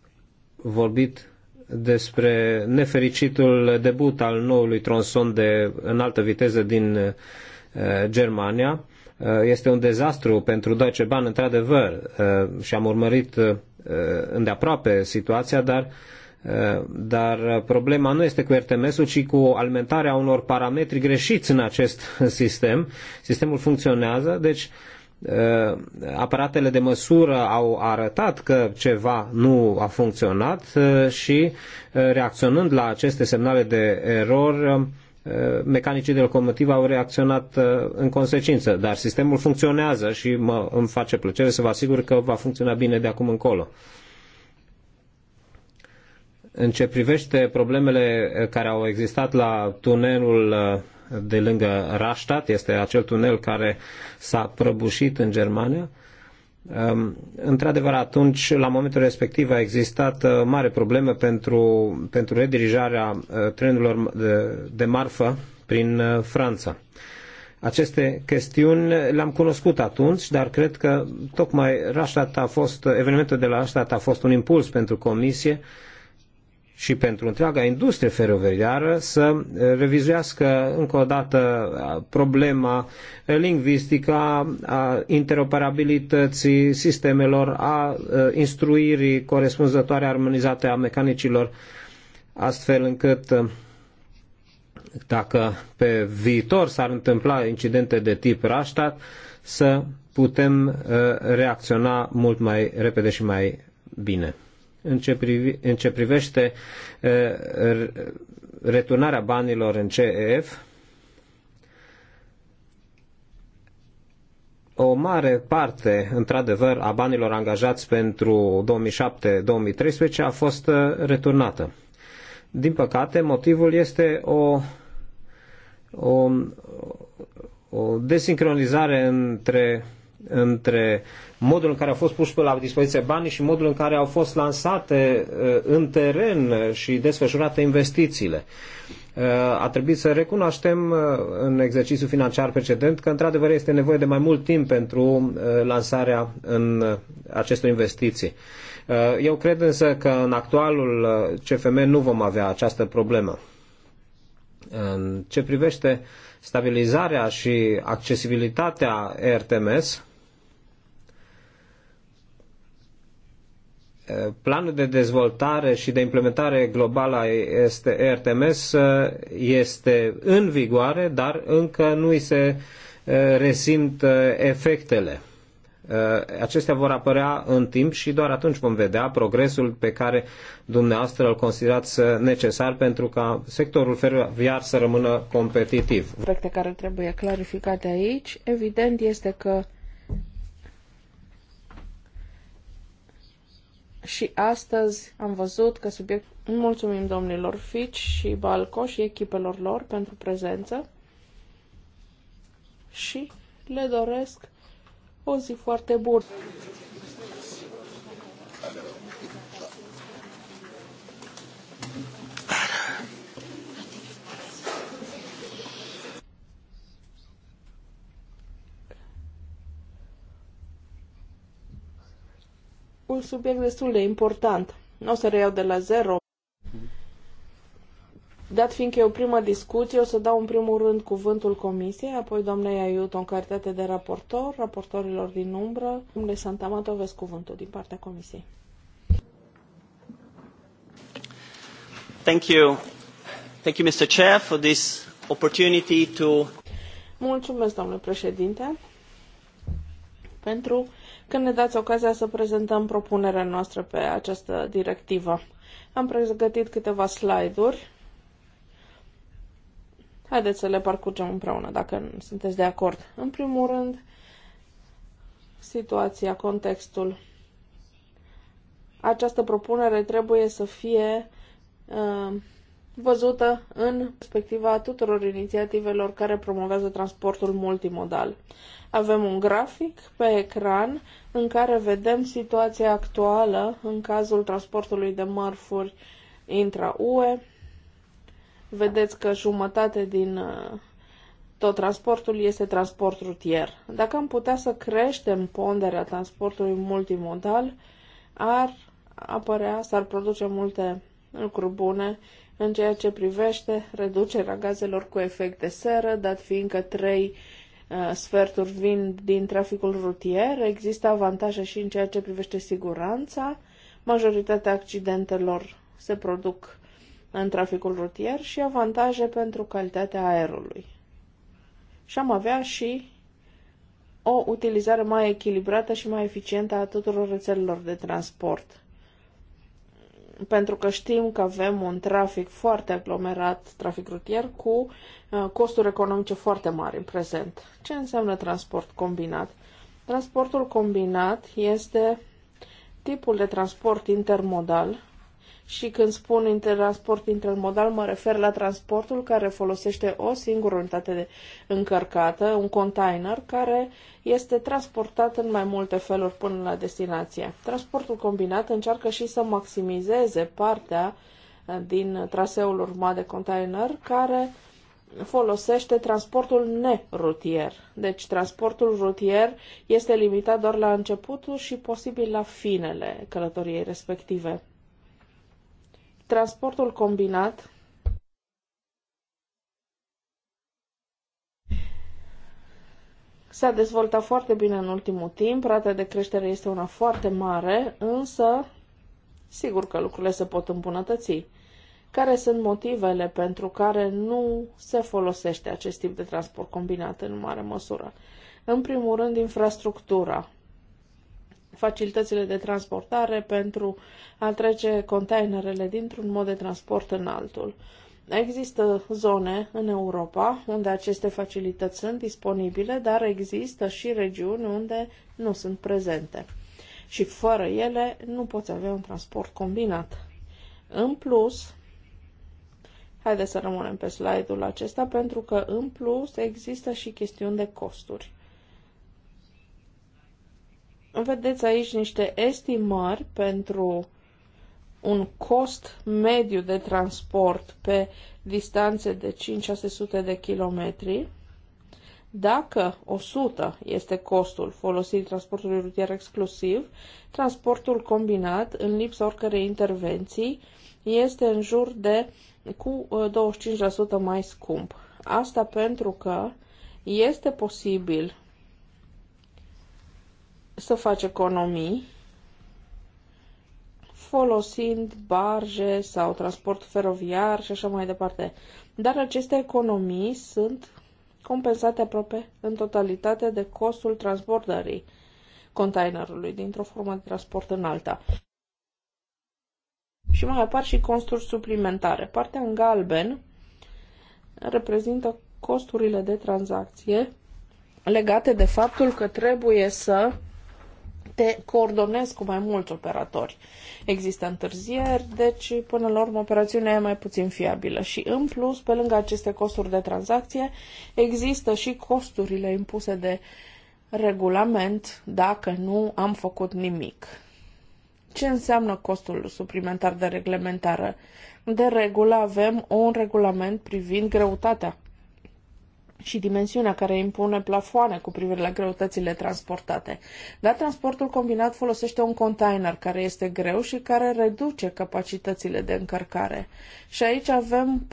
vorbit despre nefericitul debut al noului tronson de înaltă viteză din Germania Uh, este un dezastru pentru Deutsche Bahn, într-adevăr, uh, și am urmărit uh, îndeaproape situația, dar dar problema nu este cu RTMS-ul, ci cu alimentarea unor parametri greșiți în acest sistem. Sistemul funcționează, deci aparatele de măsură au arătat că ceva nu a funcționat și reacționând la aceste semnale de erori mecanicii de locomotivă au reacționat uh, în consecință, dar sistemul funcționează și mă, îmi face plăcere să vă asigur că va funcționa bine de acum încolo. În ce privește problemele uh, care au existat la tunelul uh, de lângă Rastat, este acel tunel care s-a prăbușit în Germania, Într-adevăr, atunci, la momentul respectiv, a existat uh, mare problemă pentru, pentru redirijarea uh, trenurilor de, uh, de marfă prin Franța. Aceste chestiuni le-am cunoscut atunci, dar cred că tocmai Rastat a fost, evenimentul de la Rastat a fost un impuls pentru Comisie uh, și pentru întreaga industrie feroviară să eh, revizuiască încă o dată eh, problema lingvistică, a interoperabilității sistemelor, a eh, instruirii corespunzătoare armonizate a mecanicilor, astfel încât dacă pe viitor s-ar întâmpla incidente de tip Rastat, să putem reacționa mult mai repede și mai bine în ce, privi, în ce privește returnarea banilor în CEF, o mare parte, într-adevăr, a banilor angajați pentru 2007-2013 a fost returnată. Din păcate, motivul este o, o, o desincronizare între între modul în care au fost puși la dispoziție banii și modul în care au fost lansate uh, în teren și desfășurate investițiile. Uh, a trebuit să recunoaștem uh, în exercițiul financiar precedent că într-adevăr este nevoie de mai mult timp pentru lansarea în acestor investiții. Eu cred însă că în actualul CFM nu vom avea această problemă. În ce privește stabilizarea și accesibilitatea RTMS, planul de dezvoltare și de implementare globală a RTMS uh, este în vigoare, dar încă nu îi se uh, resimt uh, efectele. Acestea vor apărea în timp și doar atunci vom vedea progresul pe care dumneavoastră îl considerați necesar pentru ca sectorul feroviar să rămână competitiv. Aspecte care trebuie clarificate aici, evident este că Și astăzi am văzut că subiect... Mulțumim domnilor Fici și Balco și echipelor lor pentru prezență și le doresc o zi foarte bună. un subiect destul de important. Nu o să reiau de la zero. Dat fiindcă e o primă discuție, o să dau în primul rând cuvântul comisiei, apoi doamnei Aiuto în calitate de raportor, raportorilor din umbră. Domnule Santamato, aveți cuvântul din partea comisiei. Thank you. Thank you, Mr. Chair, for this opportunity to... Mulțumesc, domnule președinte pentru că ne dați ocazia să prezentăm propunerea noastră pe această directivă. Am pregătit câteva slide-uri. Haideți să le parcurgem împreună, dacă sunteți de acord. În primul rând, situația, contextul. Această propunere trebuie să fie uh, văzută în perspectiva tuturor inițiativelor care promovează transportul multimodal. Avem un grafic pe ecran în care vedem situația actuală în cazul transportului de mărfuri intra-UE. Vedeți că jumătate din uh, tot transportul este transport rutier. Dacă am putea să creștem ponderea transportului multimodal, ar apărea, s-ar produce multe lucruri bune în ceea ce privește reducerea gazelor cu efect de seră, dat fiindcă trei uh, sferturi vin din traficul rutier, există avantaje și în ceea ce privește siguranța. Majoritatea accidentelor se produc în traficul rutier și avantaje pentru calitatea aerului. Și am avea și o utilizare mai echilibrată și mai eficientă a tuturor rețelelor de transport pentru că știm că avem un trafic foarte aglomerat, trafic rutier, cu uh, costuri economice foarte mari în prezent. Ce înseamnă transport combinat? Transportul combinat este tipul de transport intermodal și când spun transport intermodal, mă refer la transportul care folosește o singură unitate de încărcată, un container, care este transportat în mai multe feluri până la destinație. Transportul combinat încearcă și să maximizeze partea uh, din traseul urmat de container care folosește transportul nerutier. Deci transportul rutier este limitat doar la începutul și posibil la finele călătoriei respective transportul combinat s-a dezvoltat foarte bine în ultimul timp, rata de creștere este una foarte mare, însă sigur că lucrurile se pot îmbunătăți. Care sunt motivele pentru care nu se folosește acest tip de transport combinat în mare măsură? În primul rând, infrastructura facilitățile de transportare pentru a trece containerele dintr-un mod de transport în altul. Există zone în Europa unde aceste facilități sunt disponibile, dar există și regiuni unde nu sunt prezente. Și fără ele nu poți avea un transport combinat. În plus, haideți să rămânem pe slide-ul acesta, pentru că în plus există și chestiuni de costuri. Vedeți aici niște estimări pentru un cost mediu de transport pe distanțe de 5-600 de kilometri. Dacă 100 este costul folosirii transportului rutier exclusiv, transportul combinat, în lipsa oricărei intervenții, este în jur de cu 25% uh, mai scump. Asta pentru că este posibil să faci economii folosind barge sau transport feroviar și așa mai departe. Dar aceste economii sunt compensate aproape în totalitate de costul transportării containerului dintr-o formă de transport în alta. Și mai apar și costuri suplimentare. Partea în galben reprezintă costurile de tranzacție legate de faptul că trebuie să te coordonezi cu mai mulți operatori. Există întârzieri, deci până la urmă operațiunea e mai puțin fiabilă și în plus, pe lângă aceste costuri de tranzacție, există și costurile impuse de regulament dacă nu am făcut nimic. Ce înseamnă costul suplimentar de reglementare? De regulă avem un regulament privind greutatea și dimensiunea care impune plafoane cu privire la greutățile transportate. Dar transportul combinat folosește un container care este greu și care reduce capacitățile de încărcare. Și aici avem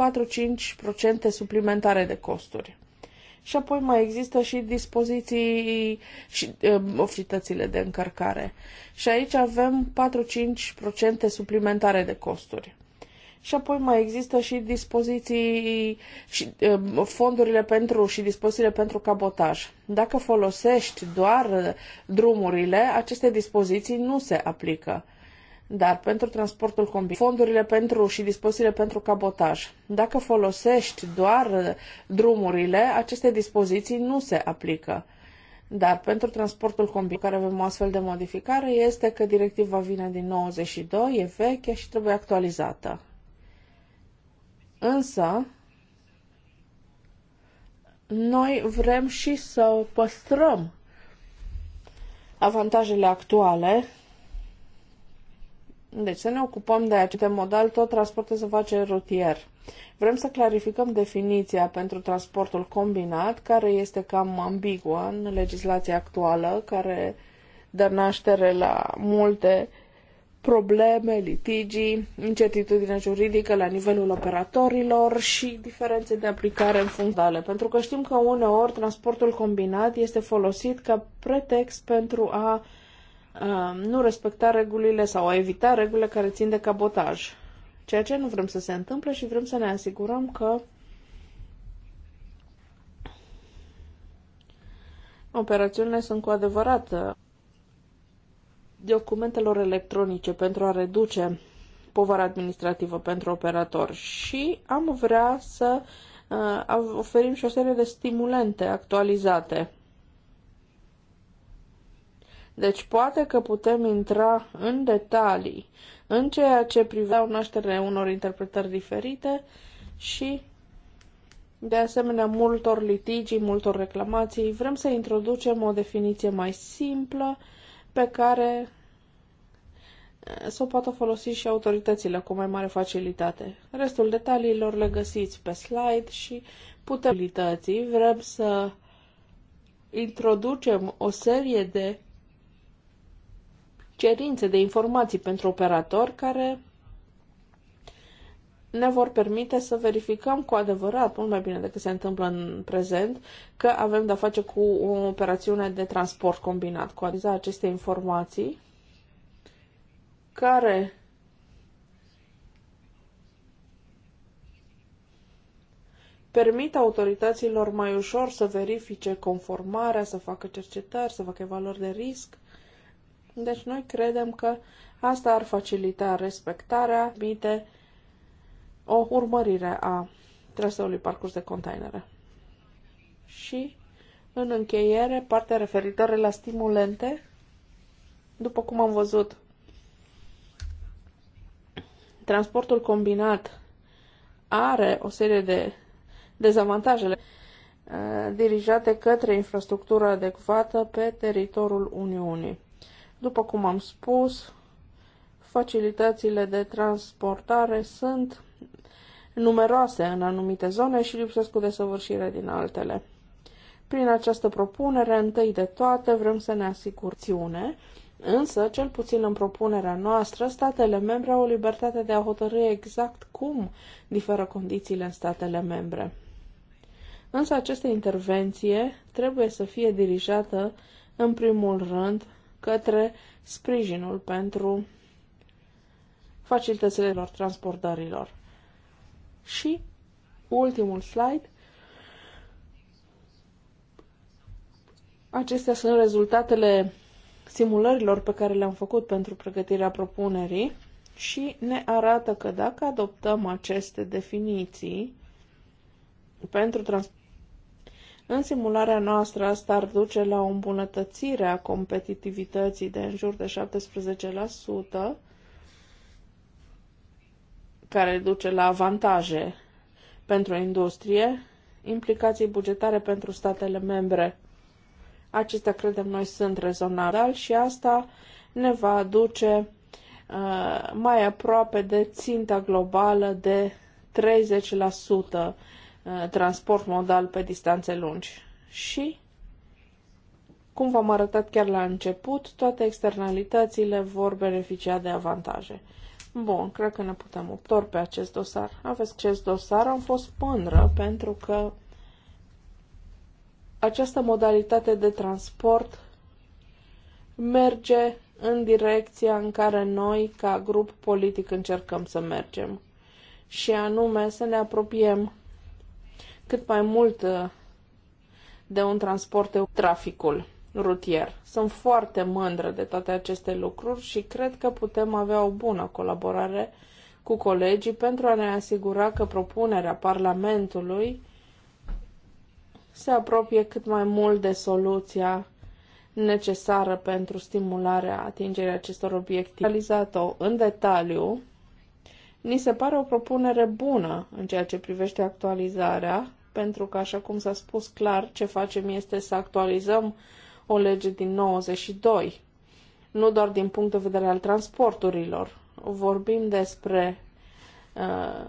4-5% suplimentare de costuri. Și apoi mai există și dispoziții și uh, oficitățile de încărcare. Și aici avem 4-5% suplimentare de costuri. Și apoi mai există și dispoziții și uh, fondurile pentru și dispozițiile pentru cabotaj. Dacă folosești doar uh, drumurile, aceste dispoziții nu se aplică. Dar pentru transportul combinat, fondurile pentru și dispozițiile pentru cabotaj. Dacă folosești doar uh, drumurile, aceste dispoziții nu se aplică. Dar pentru transportul combinat, care avem o astfel de modificare, este că directiva vine din 92, e veche și trebuie actualizată. Însă, noi vrem și să păstrăm avantajele actuale. Deci să ne ocupăm de aceste modal, tot transportul se face rutier. Vrem să clarificăm definiția pentru transportul combinat, care este cam ambiguă în legislația actuală, care dă naștere la multe probleme, litigii, incertitudine juridică la nivelul operatorilor și diferențe de aplicare în fundale. pentru că știm că uneori transportul combinat este folosit ca pretext pentru a, a nu respecta regulile sau a evita regulile care țin de cabotaj. Ceea ce nu vrem să se întâmple și vrem să ne asigurăm că operațiunile sunt cu adevărat documentelor electronice pentru a reduce povara administrativă pentru operator și am vrea să uh, oferim și o serie de stimulente actualizate. Deci poate că putem intra în detalii în ceea ce priveau nașterea unor interpretări diferite și de asemenea multor litigii, multor reclamații. Vrem să introducem o definiție mai simplă uh, pe care eh, să o poată folosi și autoritățile cu mai mare facilitate. Restul detaliilor le găsiți pe slide și putebilității. Vrem să introducem o serie de cerințe de informații pentru operator care ne vor permite să verificăm cu adevărat, mult mai bine decât se întâmplă în prezent, că avem de-a face cu o operațiune de transport combinat, cu adiza aceste informații care permit autorităților mai ușor să verifice conformarea, să facă cercetări, să facă valori de risc. Deci noi credem că asta ar facilita respectarea, bine? o urmărire a traseului parcurs de containere. Și, în încheiere, partea referitoare la stimulente. După cum am văzut, transportul combinat are o serie de dezavantajele uh, dirijate către infrastructura adecvată pe teritoriul Uniunii. După cum am spus, facilitățile de transportare sunt numeroase în anumite zone și lipsesc cu desăvârșire din altele. Prin această propunere, întâi de toate, vrem să ne asigurăm Însă, cel puțin în propunerea noastră, statele membre au libertatea de a hotărâi exact cum diferă condițiile în statele membre. Însă această intervenție trebuie să fie dirijată, în primul rând, către sprijinul pentru facilitățile lor transportărilor. Și ultimul slide. Acestea sunt rezultatele simulărilor pe care le-am făcut pentru pregătirea propunerii și ne arată că dacă adoptăm aceste definiții pentru trans- în simularea noastră asta ar duce la o îmbunătățire a competitivității de în jur de 17%, care duce la avantaje pentru industrie, implicații bugetare pentru statele membre. Acestea, credem noi, sunt rezonabile și asta ne va aduce uh, mai aproape de ținta globală de 30% uh, transport modal pe distanțe lungi. Și, cum v-am arătat chiar la început, toate externalitățile vor beneficia de avantaje. Bun, cred că ne putem optor pe acest dosar. Aveți acest dosar, am fost mândră pentru că această modalitate de transport merge în direcția în care noi, ca grup politic, încercăm să mergem. Și anume să ne apropiem cât mai mult uh, de un transport traficul rutier. Sunt foarte mândră de toate aceste lucruri și cred că putem avea o bună colaborare cu colegii pentru a ne asigura că propunerea Parlamentului se apropie cât mai mult de soluția necesară pentru stimularea atingerii acestor obiective. Realizat-o în detaliu, ni se pare o propunere bună în ceea ce privește actualizarea, pentru că, așa cum s-a spus clar, ce facem este să actualizăm o lege din 92, nu doar din punct de vedere al transporturilor. Vorbim despre uh,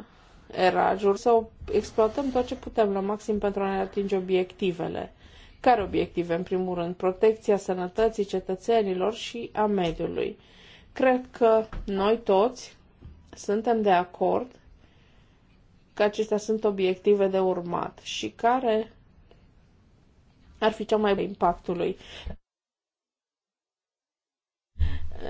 erajuri, să exploatăm tot ce putem la maxim pentru a ne atinge obiectivele. Care obiective? În primul rând, protecția sănătății cetățenilor și a mediului. Cred că noi toți suntem de acord că acestea sunt obiective de urmat și care ar fi cea mai bună impactului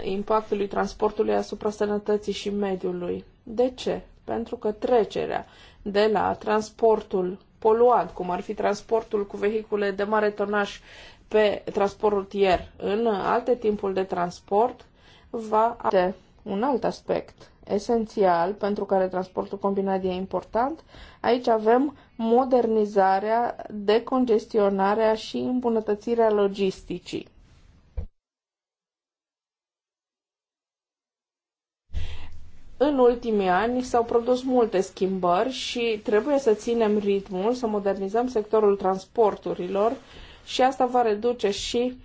impactului transportului asupra sănătății și mediului. De ce? Pentru că trecerea de la transportul poluant, cum ar fi transportul cu vehicule de mare tonaj pe transport rutier în alte timpuri de transport, va avea un alt aspect esențial pentru care transportul combinat e important. Aici avem modernizarea, decongestionarea și îmbunătățirea logisticii. în ultimii ani s-au produs multe schimbări și trebuie să ținem ritmul, să modernizăm sectorul transporturilor și asta va reduce și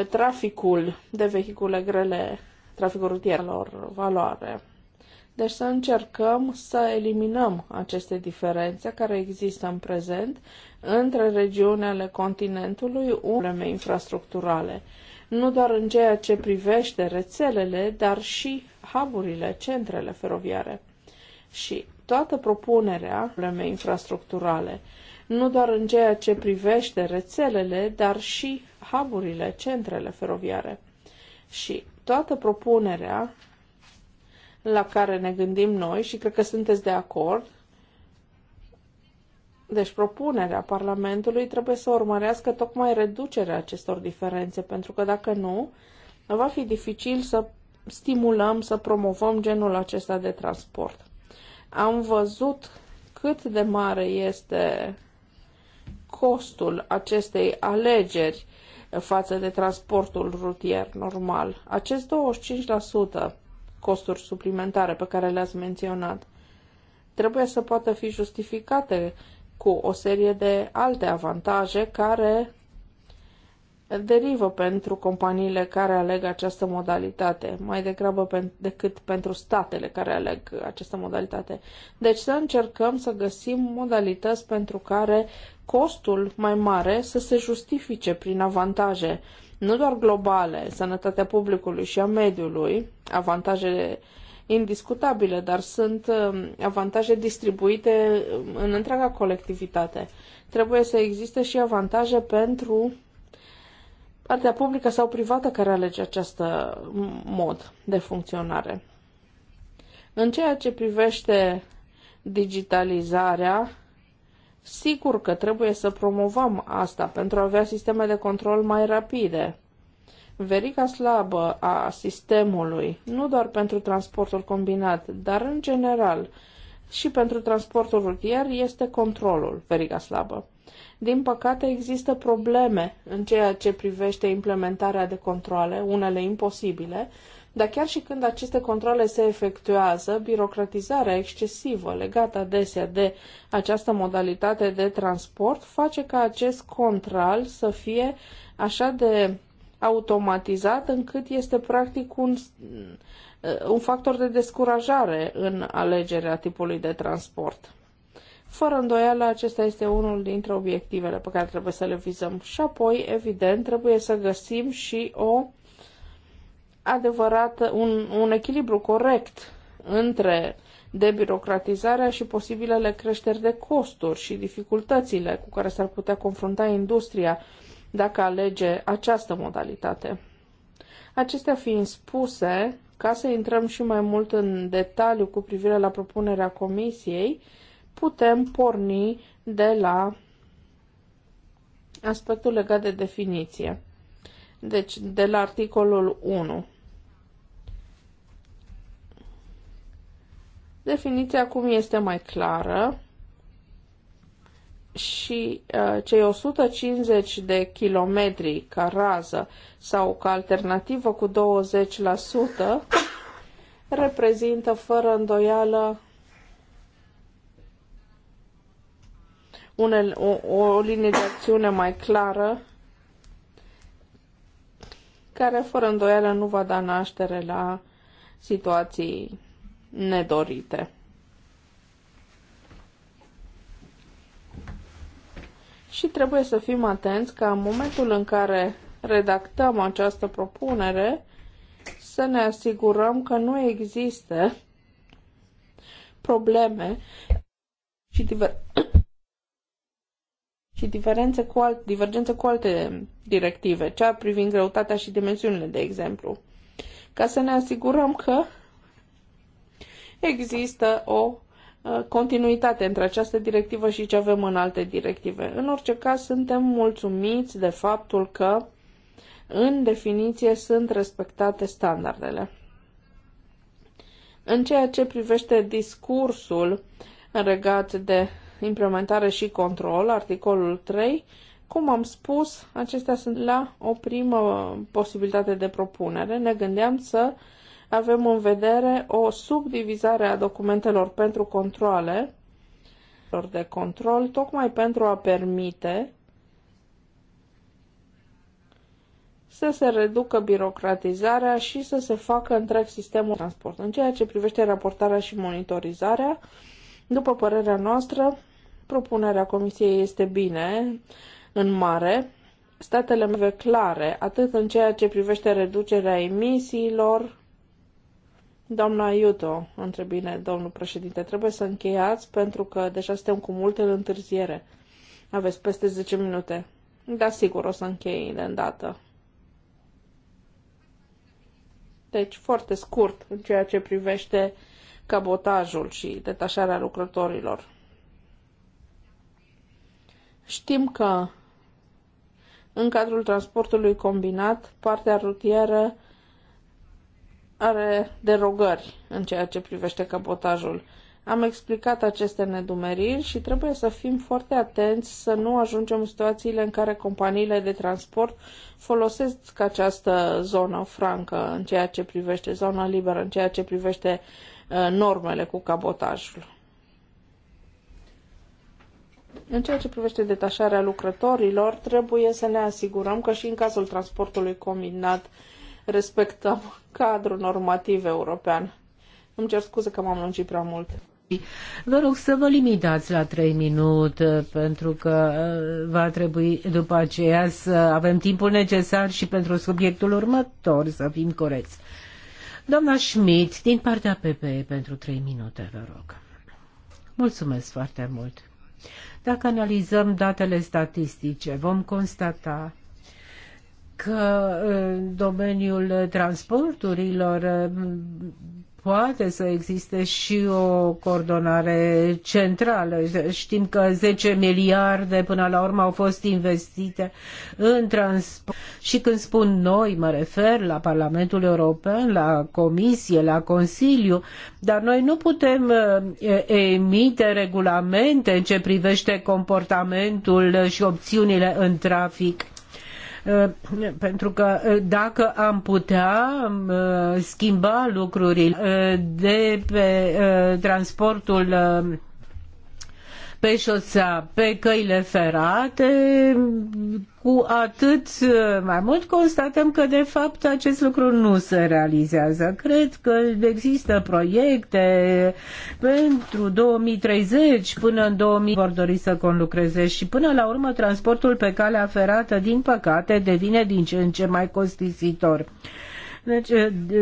uh, traficul de vehicule grele, traficul lor valoare. Deci să încercăm să eliminăm aceste diferențe care există în prezent între regiunile continentului urme infrastructurale, nu doar în ceea ce privește rețelele, dar și haburile, centrele feroviare. Și toată propunerea urme infrastructurale, nu doar în ceea ce privește rețelele, dar și haburile, centrele feroviare. Și toată propunerea la care ne gândim noi și cred că sunteți de acord. Deci propunerea Parlamentului trebuie să urmărească tocmai reducerea acestor diferențe, pentru că dacă nu, va fi dificil să stimulăm, să promovăm genul acesta de transport. Am văzut cât de mare este costul acestei alegeri față de transportul rutier normal. Acest 25% costuri suplimentare pe care le-ați menționat, trebuie să poată fi justificate cu o serie de alte avantaje care derivă pentru companiile care aleg această modalitate, mai degrabă pe- decât pentru statele care aleg această modalitate. Deci să încercăm să găsim modalități pentru care costul mai mare să se justifice prin avantaje nu doar globale, sănătatea publicului și a mediului, avantaje indiscutabile, dar sunt um, avantaje distribuite um, în întreaga colectivitate. Trebuie să existe și avantaje pentru partea publică sau privată care alege acest mod de funcționare. În ceea ce privește digitalizarea, Sigur că trebuie să promovăm asta pentru a avea sisteme de control mai rapide. Verica slabă a sistemului, nu doar pentru transportul combinat, dar în general și pentru transportul rutier, este controlul, veriga slabă. Din păcate, există probleme în ceea ce privește implementarea de controle, unele imposibile, dar chiar și când aceste controle se efectuează, birocratizarea excesivă legată adesea de această modalitate de transport face ca acest control să fie așa de automatizat încât este practic un, un factor de descurajare în alegerea tipului de transport. Fără îndoială, acesta este unul dintre obiectivele pe care trebuie să le vizăm. Și apoi, evident, trebuie să găsim și o adevărat, un, un echilibru corect între debirocratizarea și posibilele creșteri de costuri și dificultățile cu care s-ar putea confrunta industria dacă alege această modalitate. Acestea fiind spuse, ca să intrăm și mai mult în detaliu cu privire la propunerea comisiei, putem porni de la aspectul legat de definiție. Deci, de la articolul 1. Definiția acum este mai clară și uh, cei 150 de kilometri ca rază sau ca alternativă cu 20% reprezintă fără îndoială un, o, o linie de acțiune mai clară care fără îndoială nu va da naștere la situații nedorite. Și trebuie să fim atenți ca în momentul în care redactăm această propunere, să ne asigurăm că nu există probleme și diverse și diferențe cu alt, divergențe cu alte directive, cea privind greutatea și dimensiunile, de exemplu, ca să ne asigurăm că există o uh, continuitate între această directivă și ce avem în alte directive. În orice caz, suntem mulțumiți de faptul că în definiție sunt respectate standardele. În ceea ce privește discursul regat de implementare și control, articolul 3, cum am spus, acestea sunt la o primă posibilitate de propunere. Ne gândeam să avem în vedere o subdivizare a documentelor pentru controle, de control, tocmai pentru a permite să se reducă birocratizarea și să se facă întreg sistemul transport. În ceea ce privește raportarea și monitorizarea, după părerea noastră, Propunerea Comisiei este bine, în mare. Statele membre clare, atât în ceea ce privește reducerea emisiilor, Doamna Iuto, între bine, domnul președinte, trebuie să încheiați pentru că deja suntem cu multe în întârziere. Aveți peste 10 minute. Da, sigur, o să închei de îndată. Deci, foarte scurt în ceea ce privește cabotajul și detașarea lucrătorilor. Știm că în cadrul transportului combinat, partea rutieră are derogări în ceea ce privește cabotajul. Am explicat aceste nedumeriri și trebuie să fim foarte atenți să nu ajungem în situațiile în care companiile de transport folosesc această zonă francă în ceea ce privește zona liberă, în ceea ce privește uh, normele cu cabotajul. În ceea ce privește detașarea lucrătorilor, trebuie să ne asigurăm că și în cazul transportului combinat respectăm cadrul normativ european. Îmi cer scuze că m-am lungit prea mult. Vă rog să vă limitați la 3 minute, pentru că uh, va trebui după aceea să avem timpul necesar și pentru subiectul următor, să fim corecți. Doamna Schmidt, din partea PPE, pentru 3 minute, vă rog. Mulțumesc foarte mult. Dacă analizăm datele statistice, vom constata că în uh, domeniul transporturilor uh, poate să existe și o coordonare centrală. Știm că 10 miliarde până la urmă au fost investite în transport. Și când spun noi, mă refer la Parlamentul European, la Comisie, la Consiliu, dar noi nu putem uh, emite regulamente în ce privește comportamentul și opțiunile în trafic Eh, pentru că eh, dacă am putea eh, schimba lucrurile de pe transportul pe șosea, pe căile ferate, cu atât uh, mai mult constatăm că de fapt acest lucru nu se realizează. Cred că există proiecte pentru 2030 până în 2000 vor dori să conlucreze și până la urmă transportul pe calea ferată din păcate devine din ce în ce mai costisitor. Deci,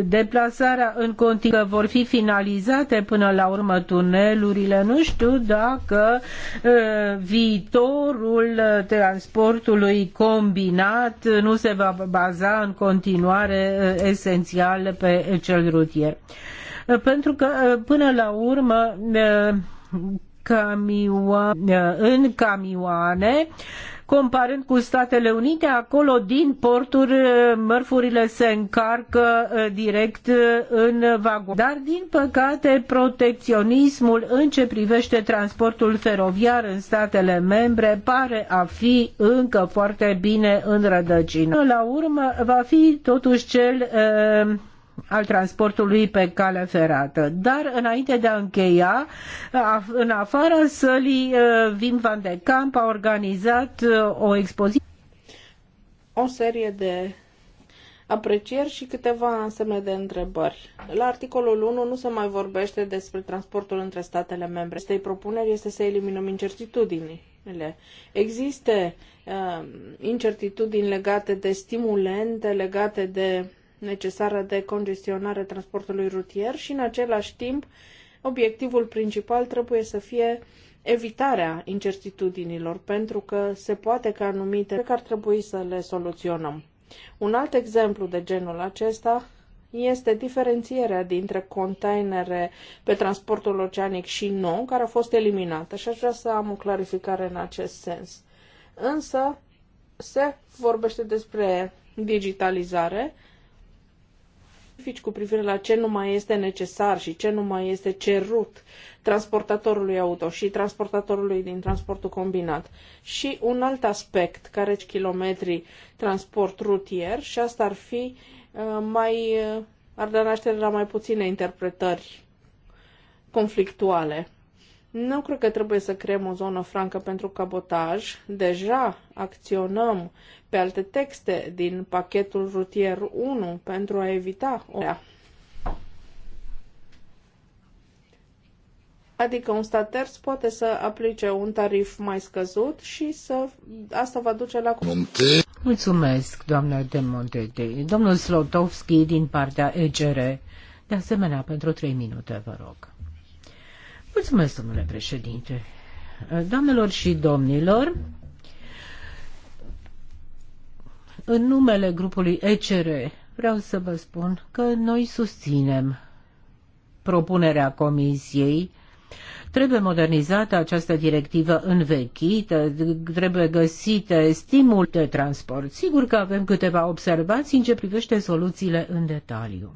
deplasarea în continuă vor fi finalizate până la urmă tunelurile. Nu știu dacă viitorul transportului combinat nu se va baza în continuare esențial pe cel rutier. Pentru că, până la urmă, camioane, în camioane comparând cu Statele Unite, acolo din porturi eh, mărfurile se încarcă eh, direct eh, în vagon. Dar, din păcate, protecționismul în ce privește transportul feroviar în statele membre pare a fi încă foarte bine în rădăcină. La urmă, va fi totuși cel al transportului pe cale ferată. Dar înainte de a încheia, în afara sălii, uh, Vim van de Camp a organizat uh, o expoziție. O serie de aprecieri și câteva semne de întrebări. La articolul 1 nu se mai vorbește despre transportul între statele membre. Acestei propuneri este să eliminăm incertitudinile. Există uh, incertitudini legate de stimulente, legate de necesară de congestionare transportului rutier și, în același timp, obiectivul principal trebuie să fie evitarea incertitudinilor, pentru că se poate că anumite că care ar trebui să le soluționăm. Un alt exemplu de genul acesta este diferențierea dintre containere pe transportul oceanic și nou, care a fost eliminată și aș vrea să am o clarificare în acest sens. Însă se vorbește despre digitalizare specifici cu privire la ce nu mai este necesar și ce nu mai este cerut transportatorului auto și transportatorului din transportul combinat. Și un alt aspect, care kilometri transport rutier și asta ar fi uh, mai uh, ar da naștere la mai puține interpretări conflictuale. Nu cred că trebuie să creăm o zonă francă pentru cabotaj. Deja acționăm pe alte texte din pachetul rutier 1 pentru a evita o Adică un stat terț poate să aplice un tarif mai scăzut și să asta va duce la... Mulțumesc, doamna de Montete. Domnul Slotovski din partea EGR. De asemenea, pentru trei minute, vă rog. Mulțumesc, domnule președinte. Doamnelor și domnilor, În numele grupului ECR vreau să vă spun că noi susținem propunerea Comisiei Trebuie modernizată această directivă învechită, trebuie găsite stimul de transport. Sigur că avem câteva observații în ce privește soluțiile în detaliu.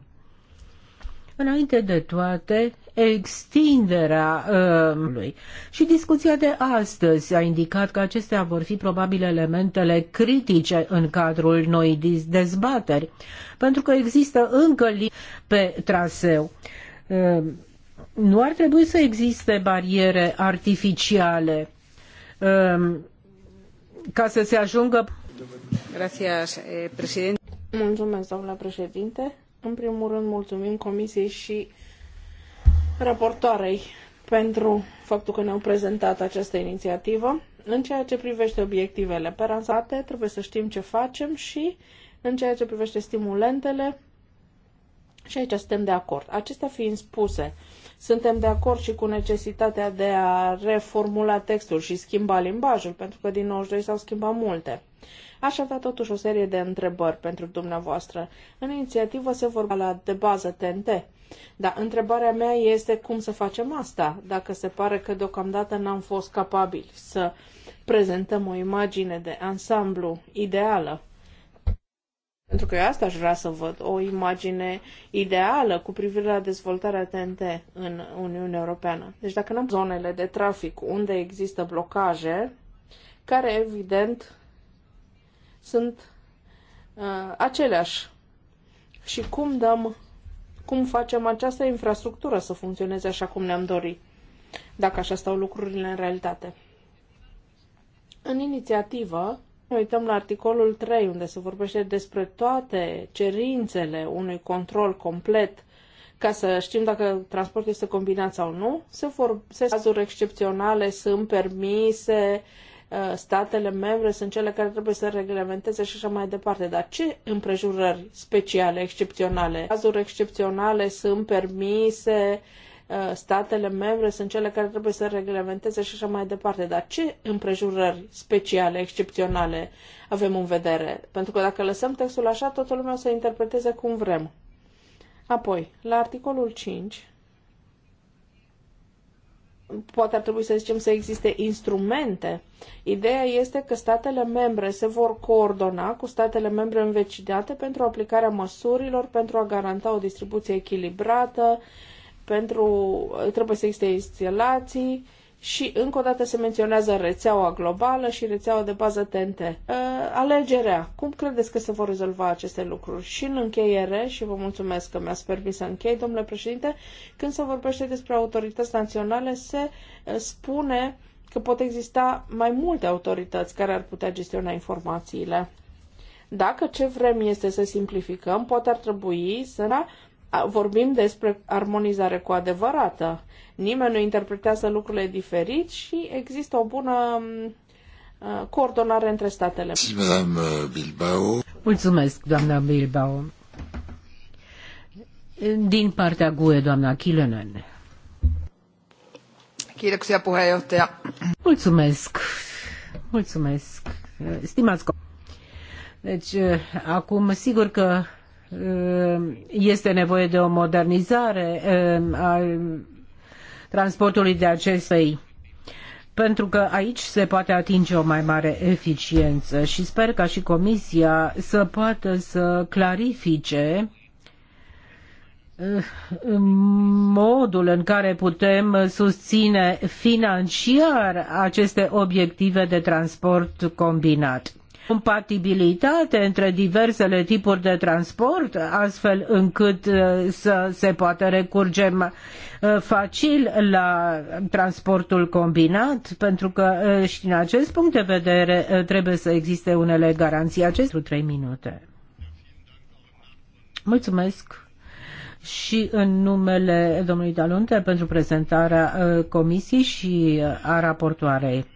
Înainte de toate, extinderea uh, lui. Și discuția de astăzi a indicat că acestea vor fi probabil elementele critice în cadrul noii dezbateri, pentru că există încă pe traseu. Uh, nu ar trebui să existe bariere artificiale uh, ca să se ajungă. Gracias, eh, președinte. Mulțumesc, doamna președinte. În primul rând, mulțumim Comisiei și raportoarei pentru faptul că ne-au prezentat această inițiativă. În ceea ce privește obiectivele peransate, trebuie să știm ce facem și în ceea ce privește stimulentele, și aici suntem de acord. Acestea fiind spuse, suntem de acord și cu necesitatea de a reformula textul și schimba limbajul, pentru că din 92 s-au schimbat multe. Aș avea totuși o serie de întrebări pentru dumneavoastră. În inițiativă se vorba la de bază TNT, dar întrebarea mea este cum să facem asta, dacă se pare că deocamdată n-am fost capabili să prezentăm o imagine de ansamblu ideală pentru că eu asta aș vrea să văd, o imagine ideală cu privire la dezvoltarea TNT în Uniunea Europeană. Deci dacă nu zonele de trafic unde există blocaje, care evident sunt uh, aceleași. Și cum dăm, cum facem această infrastructură să funcționeze așa cum ne-am dorit, dacă așa stau lucrurile în realitate. În inițiativă, ne uităm la articolul 3, unde se vorbește despre toate cerințele unui control complet ca să știm dacă transportul este combinat sau nu. Se, vor, se cazuri excepționale sunt permise, uh, Uh, statele membre sunt cele care trebuie să reglementeze și așa mai departe. Dar ce împrejurări speciale, excepționale? Cazuri excepționale sunt permise, uh, statele membre sunt cele care trebuie să reglementeze și așa mai departe. Dar ce împrejurări speciale, excepționale avem în vedere? Pentru că dacă lăsăm textul așa, toată lumea o să interpreteze cum vrem. Apoi, la articolul 5, poate ar trebui să zicem să existe instrumente. Ideea este că statele membre se vor coordona cu statele membre învecinate pentru aplicarea măsurilor, pentru a garanta o distribuție echilibrată, pentru trebuie să existe instalații, și încă o dată se menționează rețeaua globală și rețeaua de bază TNT. Uh, alegerea. Cum credeți că se vor rezolva aceste lucruri? Și în încheiere, și vă mulțumesc că mi-ați permis să închei, domnule președinte, când se vorbește despre autorități naționale, se uh, spune că pot exista mai multe autorități care ar putea gestiona informațiile. Dacă ce vrem este să simplificăm, poate ar trebui să vorbim despre armonizare cu adevărată. Nimeni nu interpretează lucrurile diferit și există o bună mm, coordonare între statele. Uh, Mulțumesc, doamna Bilbao. Din partea GUE, doamna Kilenen. Mulțumesc. Mulțumesc. Stimați Deci, uh, acum, sigur că Ehm, este nevoie de o modernizare ehm, a transportului de acestei pentru că aici se poate atinge o mai mare eficiență și sper ca și Comisia să poată să clarifice eh, modul în care putem susține financiar aceste obiective de transport combinat compatibilitate între diversele tipuri de transport, astfel încât uh, să se poată recurge uh, facil la transportul combinat, pentru că uh, și din acest punct de vedere trebuie să existe unele garanții. Acest trei minute. Mulțumesc și în numele domnului Dalunte pentru prezentarea comisiei și a raportoarei.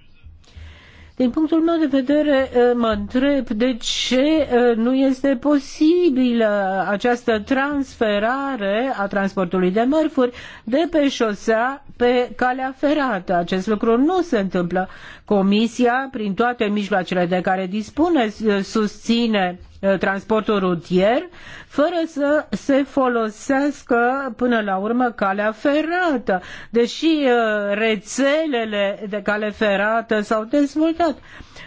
Din punctul meu de vedere, eh, mă întreb de ce eh, nu este posibilă această transferare a transportului de mărfuri de pe șosea pe calea ferată. Acest lucru nu se întâmplă. Comisia, prin toate mijloacele de care dispune, susține Eh, transportul rutier, fără să se folosească până la urmă calea ferată, deși eh, rețelele de cale ferată s-au dezvoltat.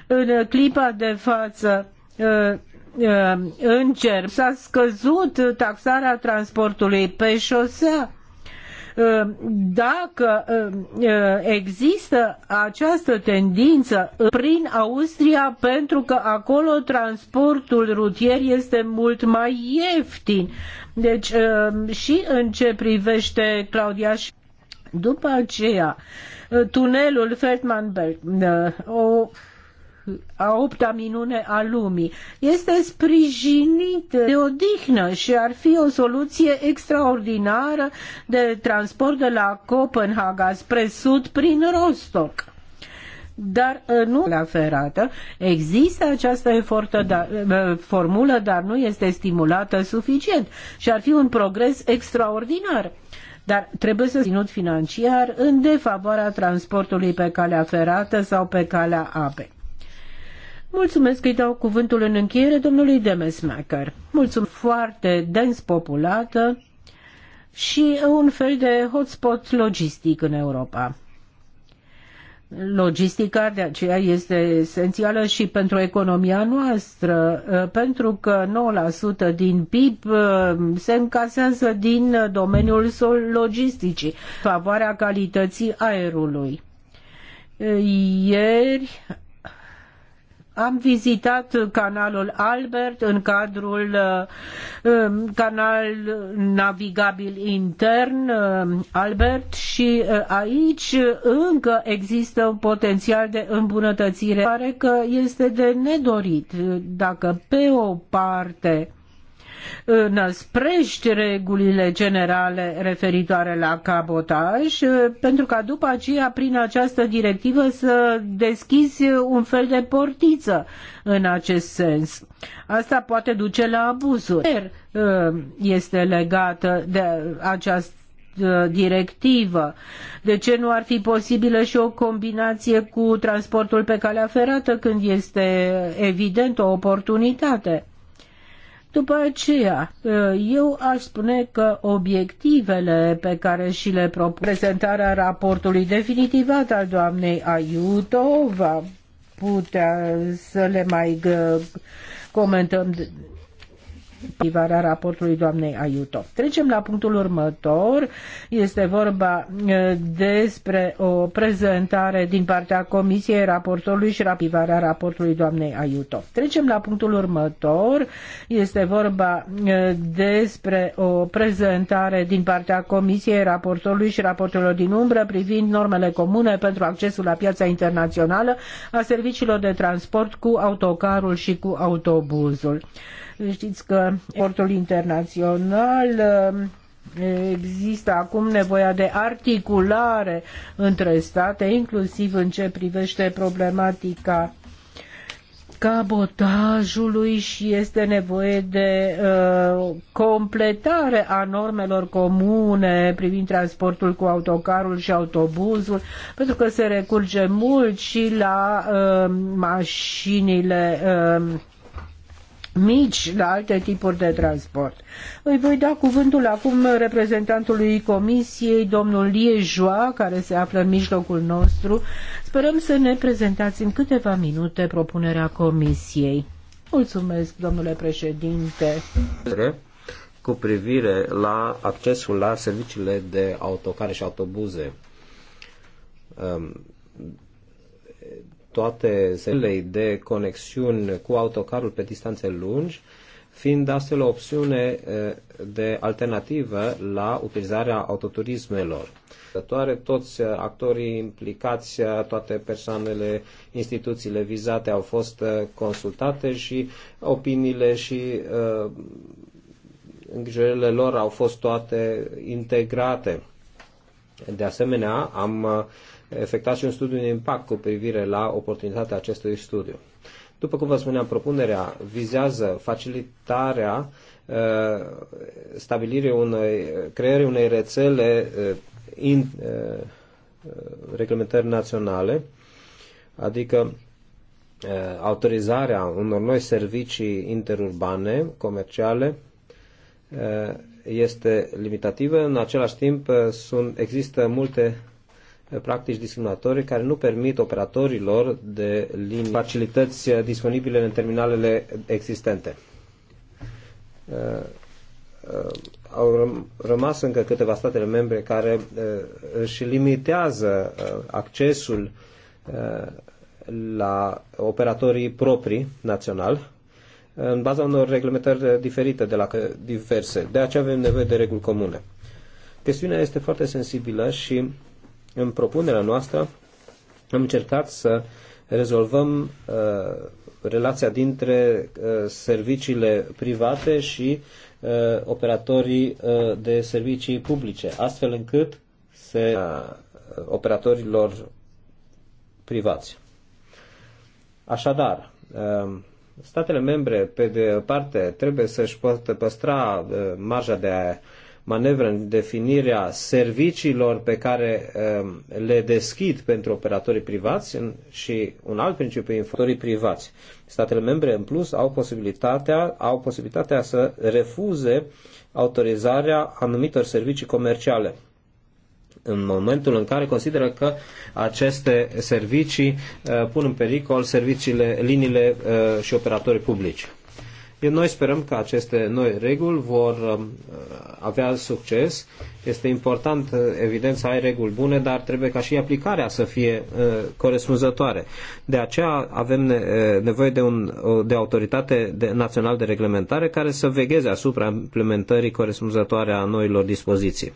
În clipa de față eh, în cer s-a scăzut taxarea transportului pe șosea dacă eh, eh, există această tendință prin Austria, pentru că acolo transportul rutier este mult mai ieftin. Deci eh, și în ce privește Claudia și după aceea tunelul Feldmanberg, o a opta minune a lumii. Este sprijinit de odihnă și ar fi o soluție extraordinară de transport de la Copenhaga spre sud prin Rostock. Dar uh, nu la ferată. Există această efortă, dar, uh, formulă, dar nu este stimulată suficient și ar fi un progres extraordinar dar trebuie să ținut financiar în defavoarea transportului pe calea ferată sau pe calea apei. Mulțumesc că îi dau cuvântul în încheiere domnului Demesmacher. Mulțumesc foarte dens populată și un fel de hotspot logistic în Europa. Logistica de aceea este esențială și pentru economia noastră, uh, pentru că 9% din PIB uh, se încasează din domeniul logisticii, favoarea calității aerului. Ieri am vizitat canalul Albert în cadrul uh, um, canal navigabil intern uh, Albert și uh, aici încă există un potențial de îmbunătățire. Pare că este de nedorit dacă pe o parte năsprești regulile generale referitoare la cabotaj, eh, pentru ca după aceea, prin această directivă, să deschizi un fel de portiță în acest sens. Asta poate duce la abuzuri. Eh, este legată de această directivă. De ce nu ar fi posibilă și o combinație cu transportul pe calea ferată când este evident o oportunitate? După aceea, ă, eu aș spune că obiectivele pe care și le propun prezentarea raportului definitivat al doamnei Aiuto va putea să le mai ă, comentăm activarea raportului doamnei Aiuto. Trecem la punctul următor. Este vorba despre o prezentare din partea Comisiei raportorului și rapivarea raportului doamnei Aiuto. Trecem la punctul următor. Este vorba despre o prezentare din partea Comisiei raportorului și raportelor din umbră privind normele comune pentru accesul la piața internațională a serviciilor de transport cu autocarul și cu autobuzul. Știți că portul internațional um, există acum nevoia de articulare între state, inclusiv în ce privește problematica cabotajului și este nevoie de uh, completare a normelor comune privind transportul cu autocarul și autobuzul, pentru că se recurge mult și la uh, mașinile uh, mici la alte tipuri de transport. Îi voi da cuvântul acum reprezentantului Comisiei, domnul Liejoa, care se află în mijlocul nostru. Sperăm să ne prezentați în câteva minute propunerea Comisiei. Mulțumesc, domnule președinte. Cu privire la accesul la serviciile de autocare și autobuze um, toate zelei de conexiuni cu autocarul pe distanțe lungi, fiind astfel o opțiune de alternativă la utilizarea autoturismelor. Toți actorii implicați, toate persoanele, instituțiile vizate au fost consultate și opiniile și uh, îngrijorările lor au fost toate integrate. De asemenea, am efectuat și un studiu de impact cu privire la oportunitatea acestui studiu. După cum vă spuneam, propunerea vizează facilitarea uh, stabilirii unei, creării unei rețele uh, in, uh, reglementări naționale, adică autorizarea unor noi servicii interurbane, comerciale, este limitativă, în același timp sunt, există multe practici discriminatorii care nu permit operatorilor de linii facilități disponibile în terminalele existente. Uh, uh, au rămas încă câteva statele membre care uh, își limitează accesul la operatorii proprii național, în baza unor reglementări diferite de la diverse. De aceea avem nevoie de reguli comune. Chestiunea este foarte sensibilă și în propunerea noastră am încercat să rezolvăm uh, relația dintre uh, serviciile private și uh, operatorii uh, de servicii publice, astfel încât se uh, operatorilor privați. Așadar, uh, statele membre, pe de parte, trebuie să-și poată păstra uh, marja de manevră în definirea serviciilor pe care um, le deschid pentru operatorii privați și un alt principiu, operatorii privați. Statele membre, în plus, au posibilitatea, au posibilitatea să refuze autorizarea anumitor servicii comerciale în momentul în care consideră că aceste servicii uh, pun în pericol serviciile, liniile uh, și operatorii publici. Noi sperăm că aceste noi reguli vor um, avea succes. Este important, uh, evident, să ai reguli bune, dar trebuie ca și aplicarea să fie uh, corespunzătoare. De aceea avem uh, nevoie de, un, de autoritate națională de reglementare care să vegheze asupra implementării corespunzătoare a noilor dispoziții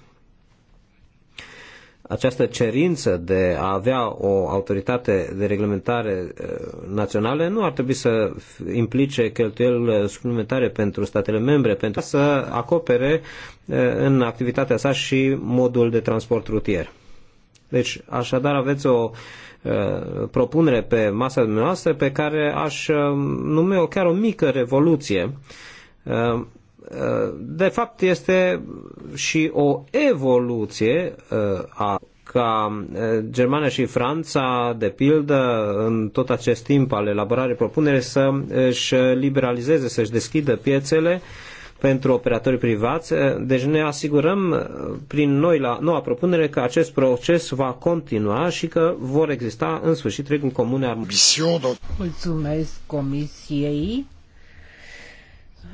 această cerință de a avea o autoritate de reglementare eh, națională nu ar trebui să implice cheltuieli suplimentare pentru statele membre, pentru a să acopere eh, în activitatea sa și modul de transport rutier. Deci, așadar, aveți o eh, propunere pe masa dumneavoastră pe care aș nume-o chiar o mică revoluție de fapt este și o evoluție uh, a ca uh, Germania și Franța, de pildă, în tot acest timp al elaborării propunerii să își liberalizeze, să își deschidă piețele pentru operatorii privați. Uh, deci ne asigurăm prin noi la noua propunere că acest proces va continua și că vor exista în sfârșit reguli comune. Mulțumesc Comisiei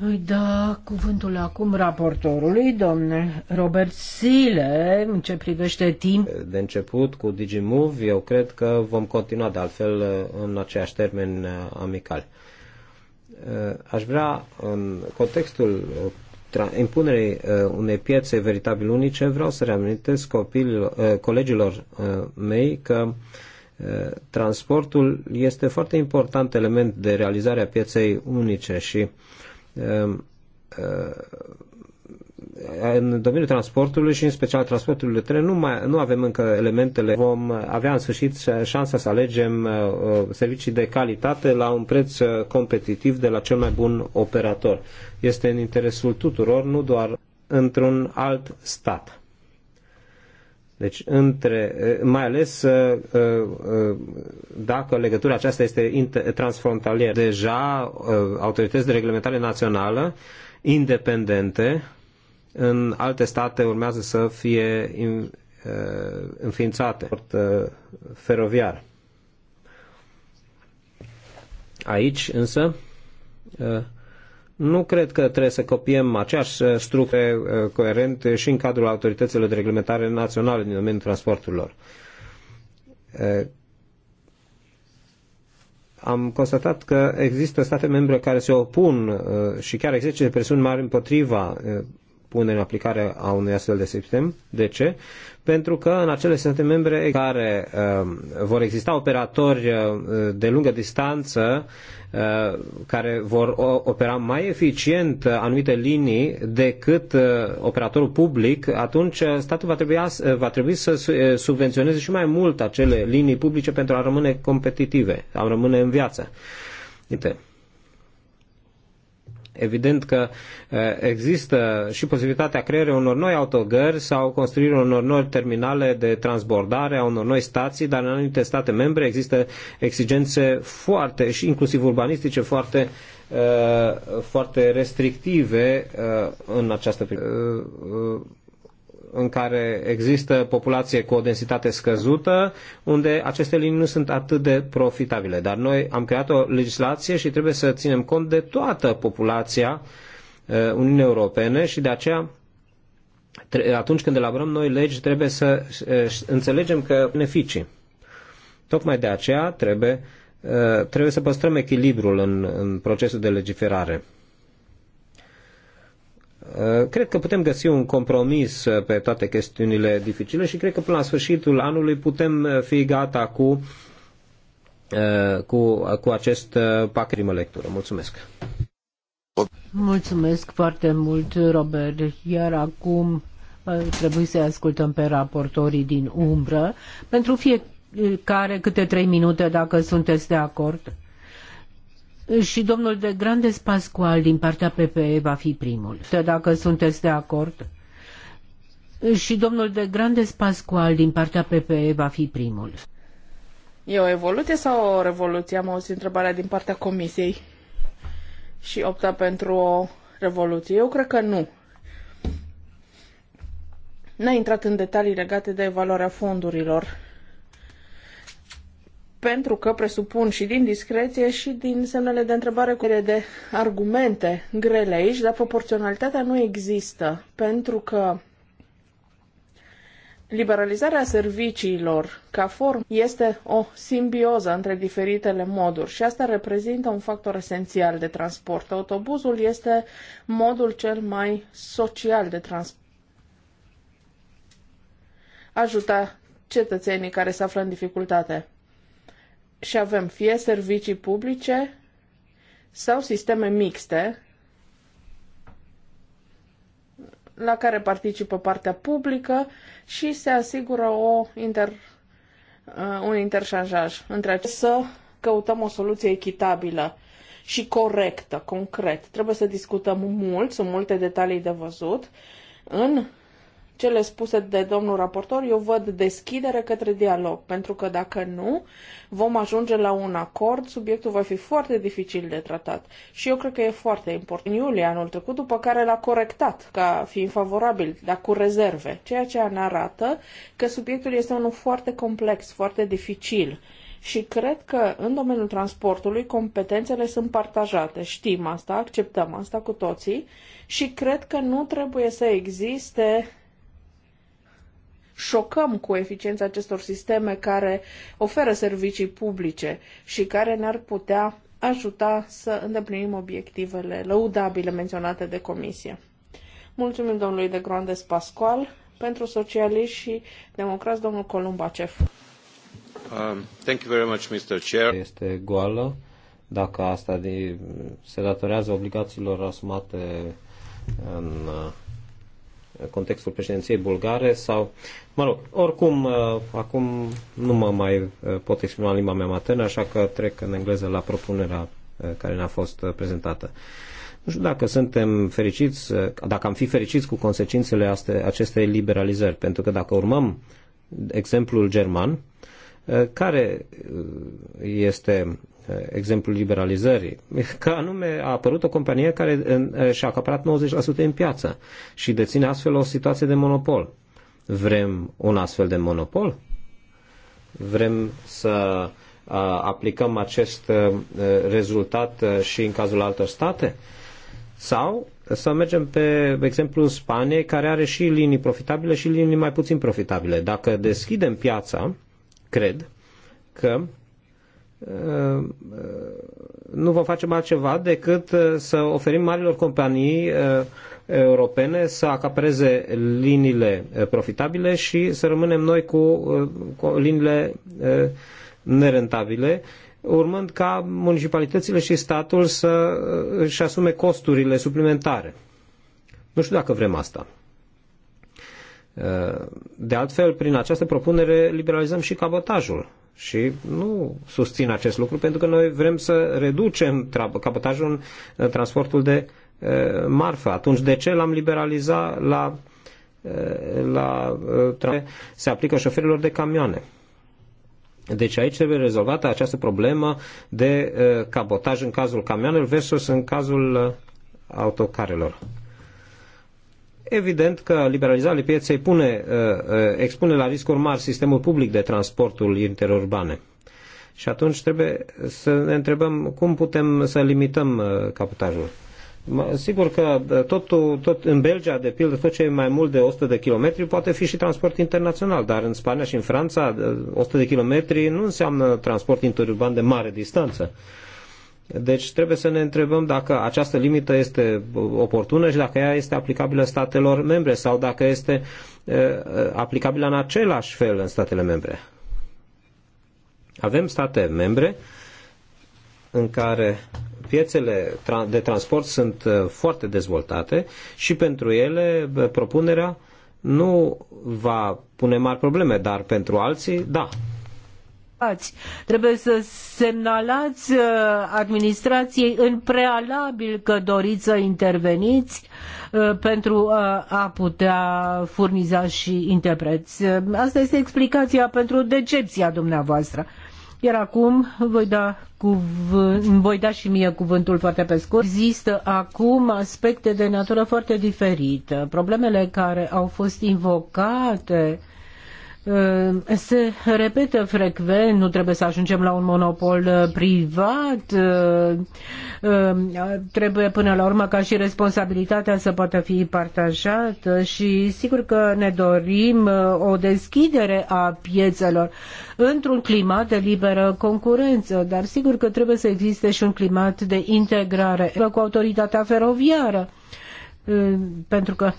îi da cuvântul acum raportorului, domne. Robert Sile, în ce privește timp. De început, cu DigiMove, eu cred că vom continua de altfel uh, în aceeași termen uh, amical. Uh, aș vrea, în contextul impunerii unei piețe veritabil unice, vreau să reamintesc copil, colegilor mei că transportul este foarte important element de realizare a pieței unice și Ehm, ehm, în domeniul transportului și în special transportului de tren nu, mai, nu avem încă elementele. Vom avea în sfârșit șansa să alegem uh, uh, servicii de calitate la un preț uh, competitiv de la cel mai bun operator. Este în interesul tuturor, nu doar într-un alt stat. Deci, între, eh, mai ales eh, eh, dacă legătura aceasta este transfrontalieră. Deja autorități de reglementare națională independente în alte state urmează să fie înființate feroviar. Aici însă nu cred că trebuie să copiem aceeași uh, structură uh, coerent și în cadrul autorităților de reglementare naționale din domeniul transporturilor. Uh, am constatat că există state membre care se opun și chiar există presiuni mari împotriva punere în aplicare a unui astfel de sistem. De ce? Pentru că în acele state membre care uh, vor exista operatori uh, de lungă distanță uh, care vor opera mai eficient anumite linii decât uh, operatorul public, atunci statul va trebui, va trebui să uh, subvenționeze și mai mult acele linii publice pentru a rămâne competitive, a rămâne în viață. Uite. Evident că există și posibilitatea creării unor noi autogări sau construirea unor noi terminale de transbordare, a unor noi stații, dar în anumite state membre există exigențe foarte, și inclusiv urbanistice, foarte foarte restrictive în această privință în care există populație cu o densitate scăzută, unde aceste linii nu sunt atât de profitabile. Dar noi am creat o legislație și trebuie să ținem cont de toată populația uh, Uniunii Europene și de aceea atunci când elaborăm noi legi trebuie să uh, înțelegem că beneficii. Tocmai de aceea trebuie, uh, trebuie să păstrăm echilibrul în, în procesul de legiferare. Eh, cred că putem găsi un compromis eh, pe toate chestiunile dificile și cred că până la sfârșitul anului putem eh, fi gata cu, cu, cu acest pacrimă lectură. Mulțumesc! Mulțumesc foarte mult, Robert. Iar acum trebuie să ascultăm pe raportorii din umbră pentru fiecare câte trei minute, dacă sunteți de acord și domnul de Grandes Pascual din partea PPE va fi primul. Dacă sunteți de acord. Și domnul de Grandes Pascual din partea PPE va fi primul. E o evoluție sau o revoluție? Am auzit întrebarea din partea comisiei și opta pentru o revoluție. Eu cred că nu. N-a intrat în detalii legate de evaluarea fondurilor pentru că presupun și din discreție și din semnele de întrebare cu de argumente grele aici, dar proporționalitatea nu există, pentru că liberalizarea serviciilor ca formă este o simbioză între diferitele moduri și asta reprezintă un factor esențial de transport. Autobuzul este modul cel mai social de transport. Ajuta cetățenii care se află în dificultate și avem fie servicii publice sau sisteme mixte la care participă partea publică și se asigură o inter, uh, un interșanjaj între acestea. Să căutăm o soluție echitabilă și corectă, concret. Trebuie să discutăm mult, sunt multe detalii de văzut. În cele spuse de domnul raportor, eu văd deschidere către dialog, pentru că dacă nu, vom ajunge la un acord, subiectul va fi foarte dificil de tratat. Și eu cred că e foarte important. În iulie anul trecut, după care l-a corectat ca fiind favorabil, dar cu rezerve, ceea ce ne arată că subiectul este unul foarte complex, foarte dificil. Și cred că în domeniul transportului competențele sunt partajate. Știm asta, acceptăm asta cu toții și cred că nu trebuie să existe șocăm cu eficiența acestor sisteme care oferă servicii publice și care ne-ar putea ajuta să îndeplinim obiectivele lăudabile menționate de comisie. Mulțumim domnului de Grandes Pascual pentru socialiști și democrați domnul Columbacev. Um, thank you very much, Mr. Chair. Este goală dacă asta de, se datorează obligațiilor asumate în uh, contextul președinției bulgare sau, mă rog, oricum, uh, acum nu mă mai uh, pot exprima în limba mea maternă, așa că trec în engleză la propunerea uh, care ne-a fost prezentată. Nu știu dacă suntem fericiți, dacă am fi fericiți cu consecințele acestei liberalizări, pentru că dacă urmăm exemplul german, uh, Eh, care eh, este eh, exemplul liberalizării? Că anume a apărut o companie care și-a acaparat 90% în piață și deține astfel o situație de monopol. Vrem un astfel de monopol? Vrem să aplicăm acest rezultat și în cazul altor state? Sau să mergem pe exemplu Spaniei, care are și linii profitabile și linii mai puțin profitabile. Dacă deschidem piața cred că uh, uh, nu vom face altceva decât uh, să oferim marilor companii europene să acapereze liniile profitabile și să rămânem noi cu, cu liniile nerentabile, urmând ca municipalitățile și statul să își asume costurile suplimentare. Nu știu dacă vrem asta. Uh, de altfel, prin această propunere liberalizăm și cabotajul. Și nu susțin acest lucru pentru că noi vrem să reducem cabotajul în uh, transportul de uh, marfă. Atunci de ce l-am liberalizat la, la se aplică șoferilor de camioane? Deci aici trebuie rezolvată această problemă de cabotaj în cazul camioanelor versus în cazul autocarelor. Evident că liberalizarea pieței pune, uh, uh, expune la riscuri mari sistemul public de transportul interurbane. Și atunci trebuie să ne întrebăm cum putem să limităm uh, capotajul. Sigur că tot, tot în Belgia, de pildă, tot ce e mai mult de 100 de kilometri poate fi și transport internațional, dar în Spania și în Franța 100 de kilometri nu înseamnă transport interurban de mare distanță. Uh, deci trebuie să ne întrebăm dacă această limită este oportună și dacă ea este aplicabilă statelor membre sau dacă este aplicabilă în același fel în statele membre. Avem state membre în care piețele de transport sunt foarte dezvoltate și pentru ele propunerea nu va pune mari probleme, dar pentru alții, da, participați. Trebuie să semnalați uh, administrației în prealabil că doriți să interveniți uh, pentru uh, a putea furniza și interpreți. Asta este explicația pentru decepția dumneavoastră. Iar acum voi da, voi da și mie cuvântul foarte pe scurt. Există acum aspecte de natură foarte diferită. Problemele care au fost invocate Uh, se repetă frecvent, nu trebuie să ajungem la un monopol uh, privat, uh, trebuie până la urmă ca și responsabilitatea să poată fi partajată și sigur că ne dorim o deschidere a piețelor într-un climat de liberă concurență, dar sigur că trebuie să existe și un climat de integrare cu autoritatea feroviară pentru că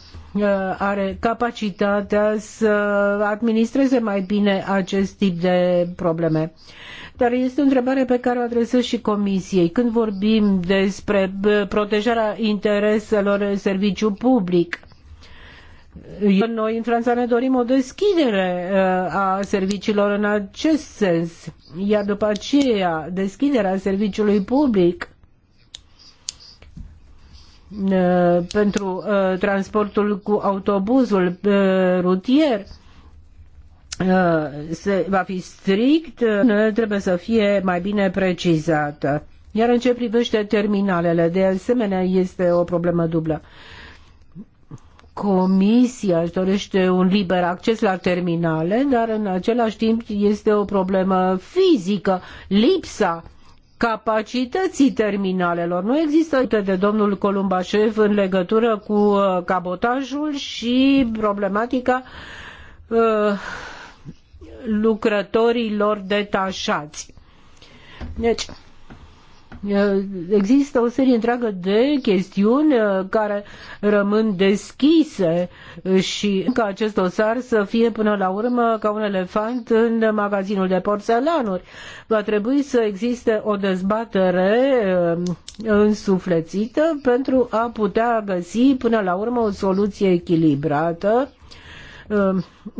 are capacitatea să administreze mai bine acest tip de probleme. Dar este o întrebare pe care o adresez și Comisiei. Când vorbim despre protejarea intereselor serviciu public, noi în Franța ne dorim o deschidere a serviciilor în acest sens, iar după aceea deschiderea serviciului public Uh, pentru uh, transportul cu autobuzul uh, rutier se, va fi strict, trebuie să fie mai bine precizată. Iar în ce privește terminalele, de asemenea, este o problemă dublă. Comisia își dorește un liber acces la terminale, dar în același timp este o problemă fizică, lipsa capacității terminalelor. Nu există de domnul Columbașev în legătură cu uh, cabotajul și problematica uh, lucrătorilor detașați. Deci, Există o serie întreagă de chestiuni care rămân deschise și ca acest dosar să fie până la urmă ca un elefant în magazinul de porțelanuri. Va trebui să existe o dezbatere însuflețită pentru a putea găsi până la urmă o soluție echilibrată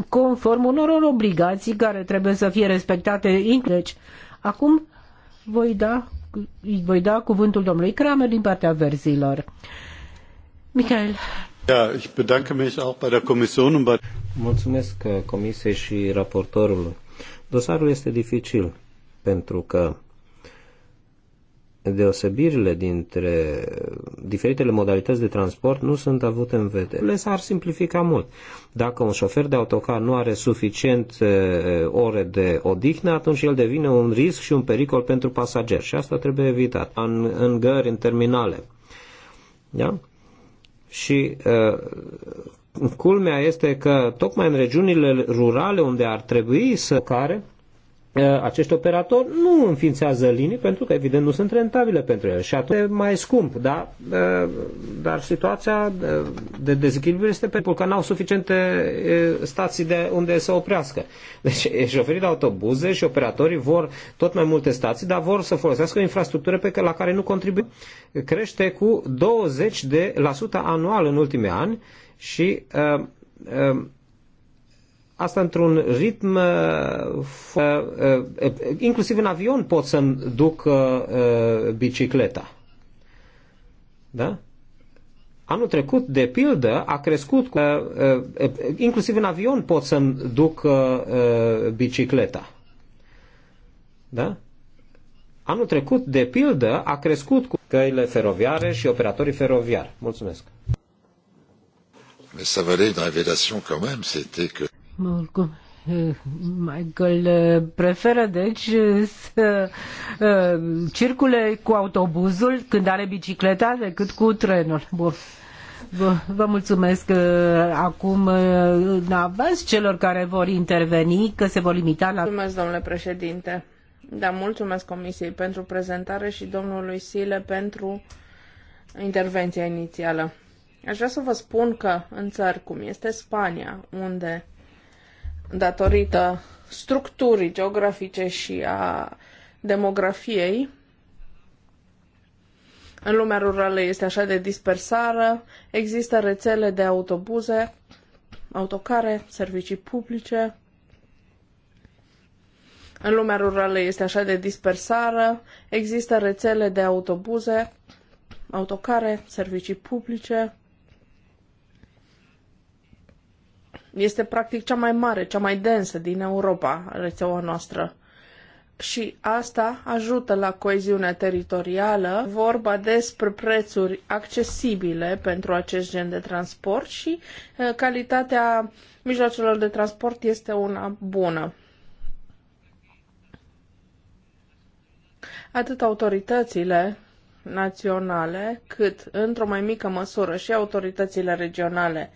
conform unor obligații care trebuie să fie respectate. Deci, acum voi da îi voi da cuvântul domnului Kramer din partea verzilor. Michael. Ja, ich bedanke mich auch bei der Kommission und bei Mulțumesc uh, Comisiei și raportorului. Dosarul este dificil pentru că deosebirile dintre diferitele modalități de transport nu sunt avute în vedere. Le s-ar simplifica mult. Dacă un șofer de autocar nu are suficient ore de odihnă, atunci el devine un risc și un pericol pentru pasager și asta trebuie evitat. În, în gări, în terminale. Da? Și uh, culmea este că tocmai în regiunile rurale unde ar trebui să care Eh, acești operatori nu înființează linii pentru că, evident, nu sunt rentabile pentru el și atunci e mai scump, da? Eh, dar situația eh, de dezechilibru este pentru că n-au suficiente stații de unde să oprească. Deci șoferii de autobuze și operatorii vor tot mai multe stații, dar vor să folosească o infrastructură pe care, la care nu contribuie. Crește cu 20% de, la sută anual în ultimii ani și uh, uh, asta într-un ritm, uh, uh, uh, inclusiv în avion pot să-mi duc bicicleta. Da? Anul trecut, de pildă, a crescut, cu, inclusiv în avion pot să-mi duc bicicleta. Da? Anul trecut, de pildă, a crescut cu căile feroviare și operatorii feroviari. Mulțumesc. Mais ça valait une révélation quand même, c'était que... Oricum, Michael eh, preferă deci eh, să eh, circule cu autobuzul când are bicicleta decât cu trenul. Bun. Vă, vă mulțumesc acum în avans celor care vor interveni, că se vor limita la... Mulțumesc, domnule președinte. Da, mulțumesc Comisiei pentru prezentare și domnului Sile pentru intervenția inițială. Aș vrea să vă spun că în țări cum este Spania, unde datorită structurii geografice și a demografiei, în lumea rurală este așa de dispersară, există rețele de autobuze, autocare, servicii publice. În lumea rurală este așa de dispersară, există rețele de autobuze, autocare, servicii publice. Este practic cea mai mare, cea mai densă din Europa, rețeaua noastră. Și asta ajută la coeziunea teritorială, vorba despre prețuri accesibile pentru acest gen de transport și eh, calitatea mijloacelor de transport este una bună. Atât autoritățile naționale, cât, într-o mai mică măsură, și autoritățile regionale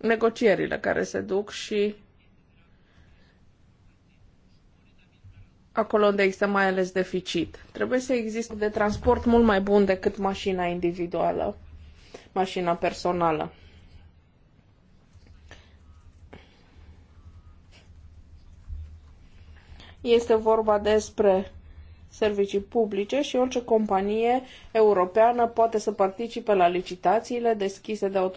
negocierile care se duc și acolo unde există mai ales deficit. Trebuie să existe de transport mult mai bun decât mașina individuală, mașina personală. Este vorba despre servicii publice și orice companie europeană poate să participe la licitațiile deschise de autorități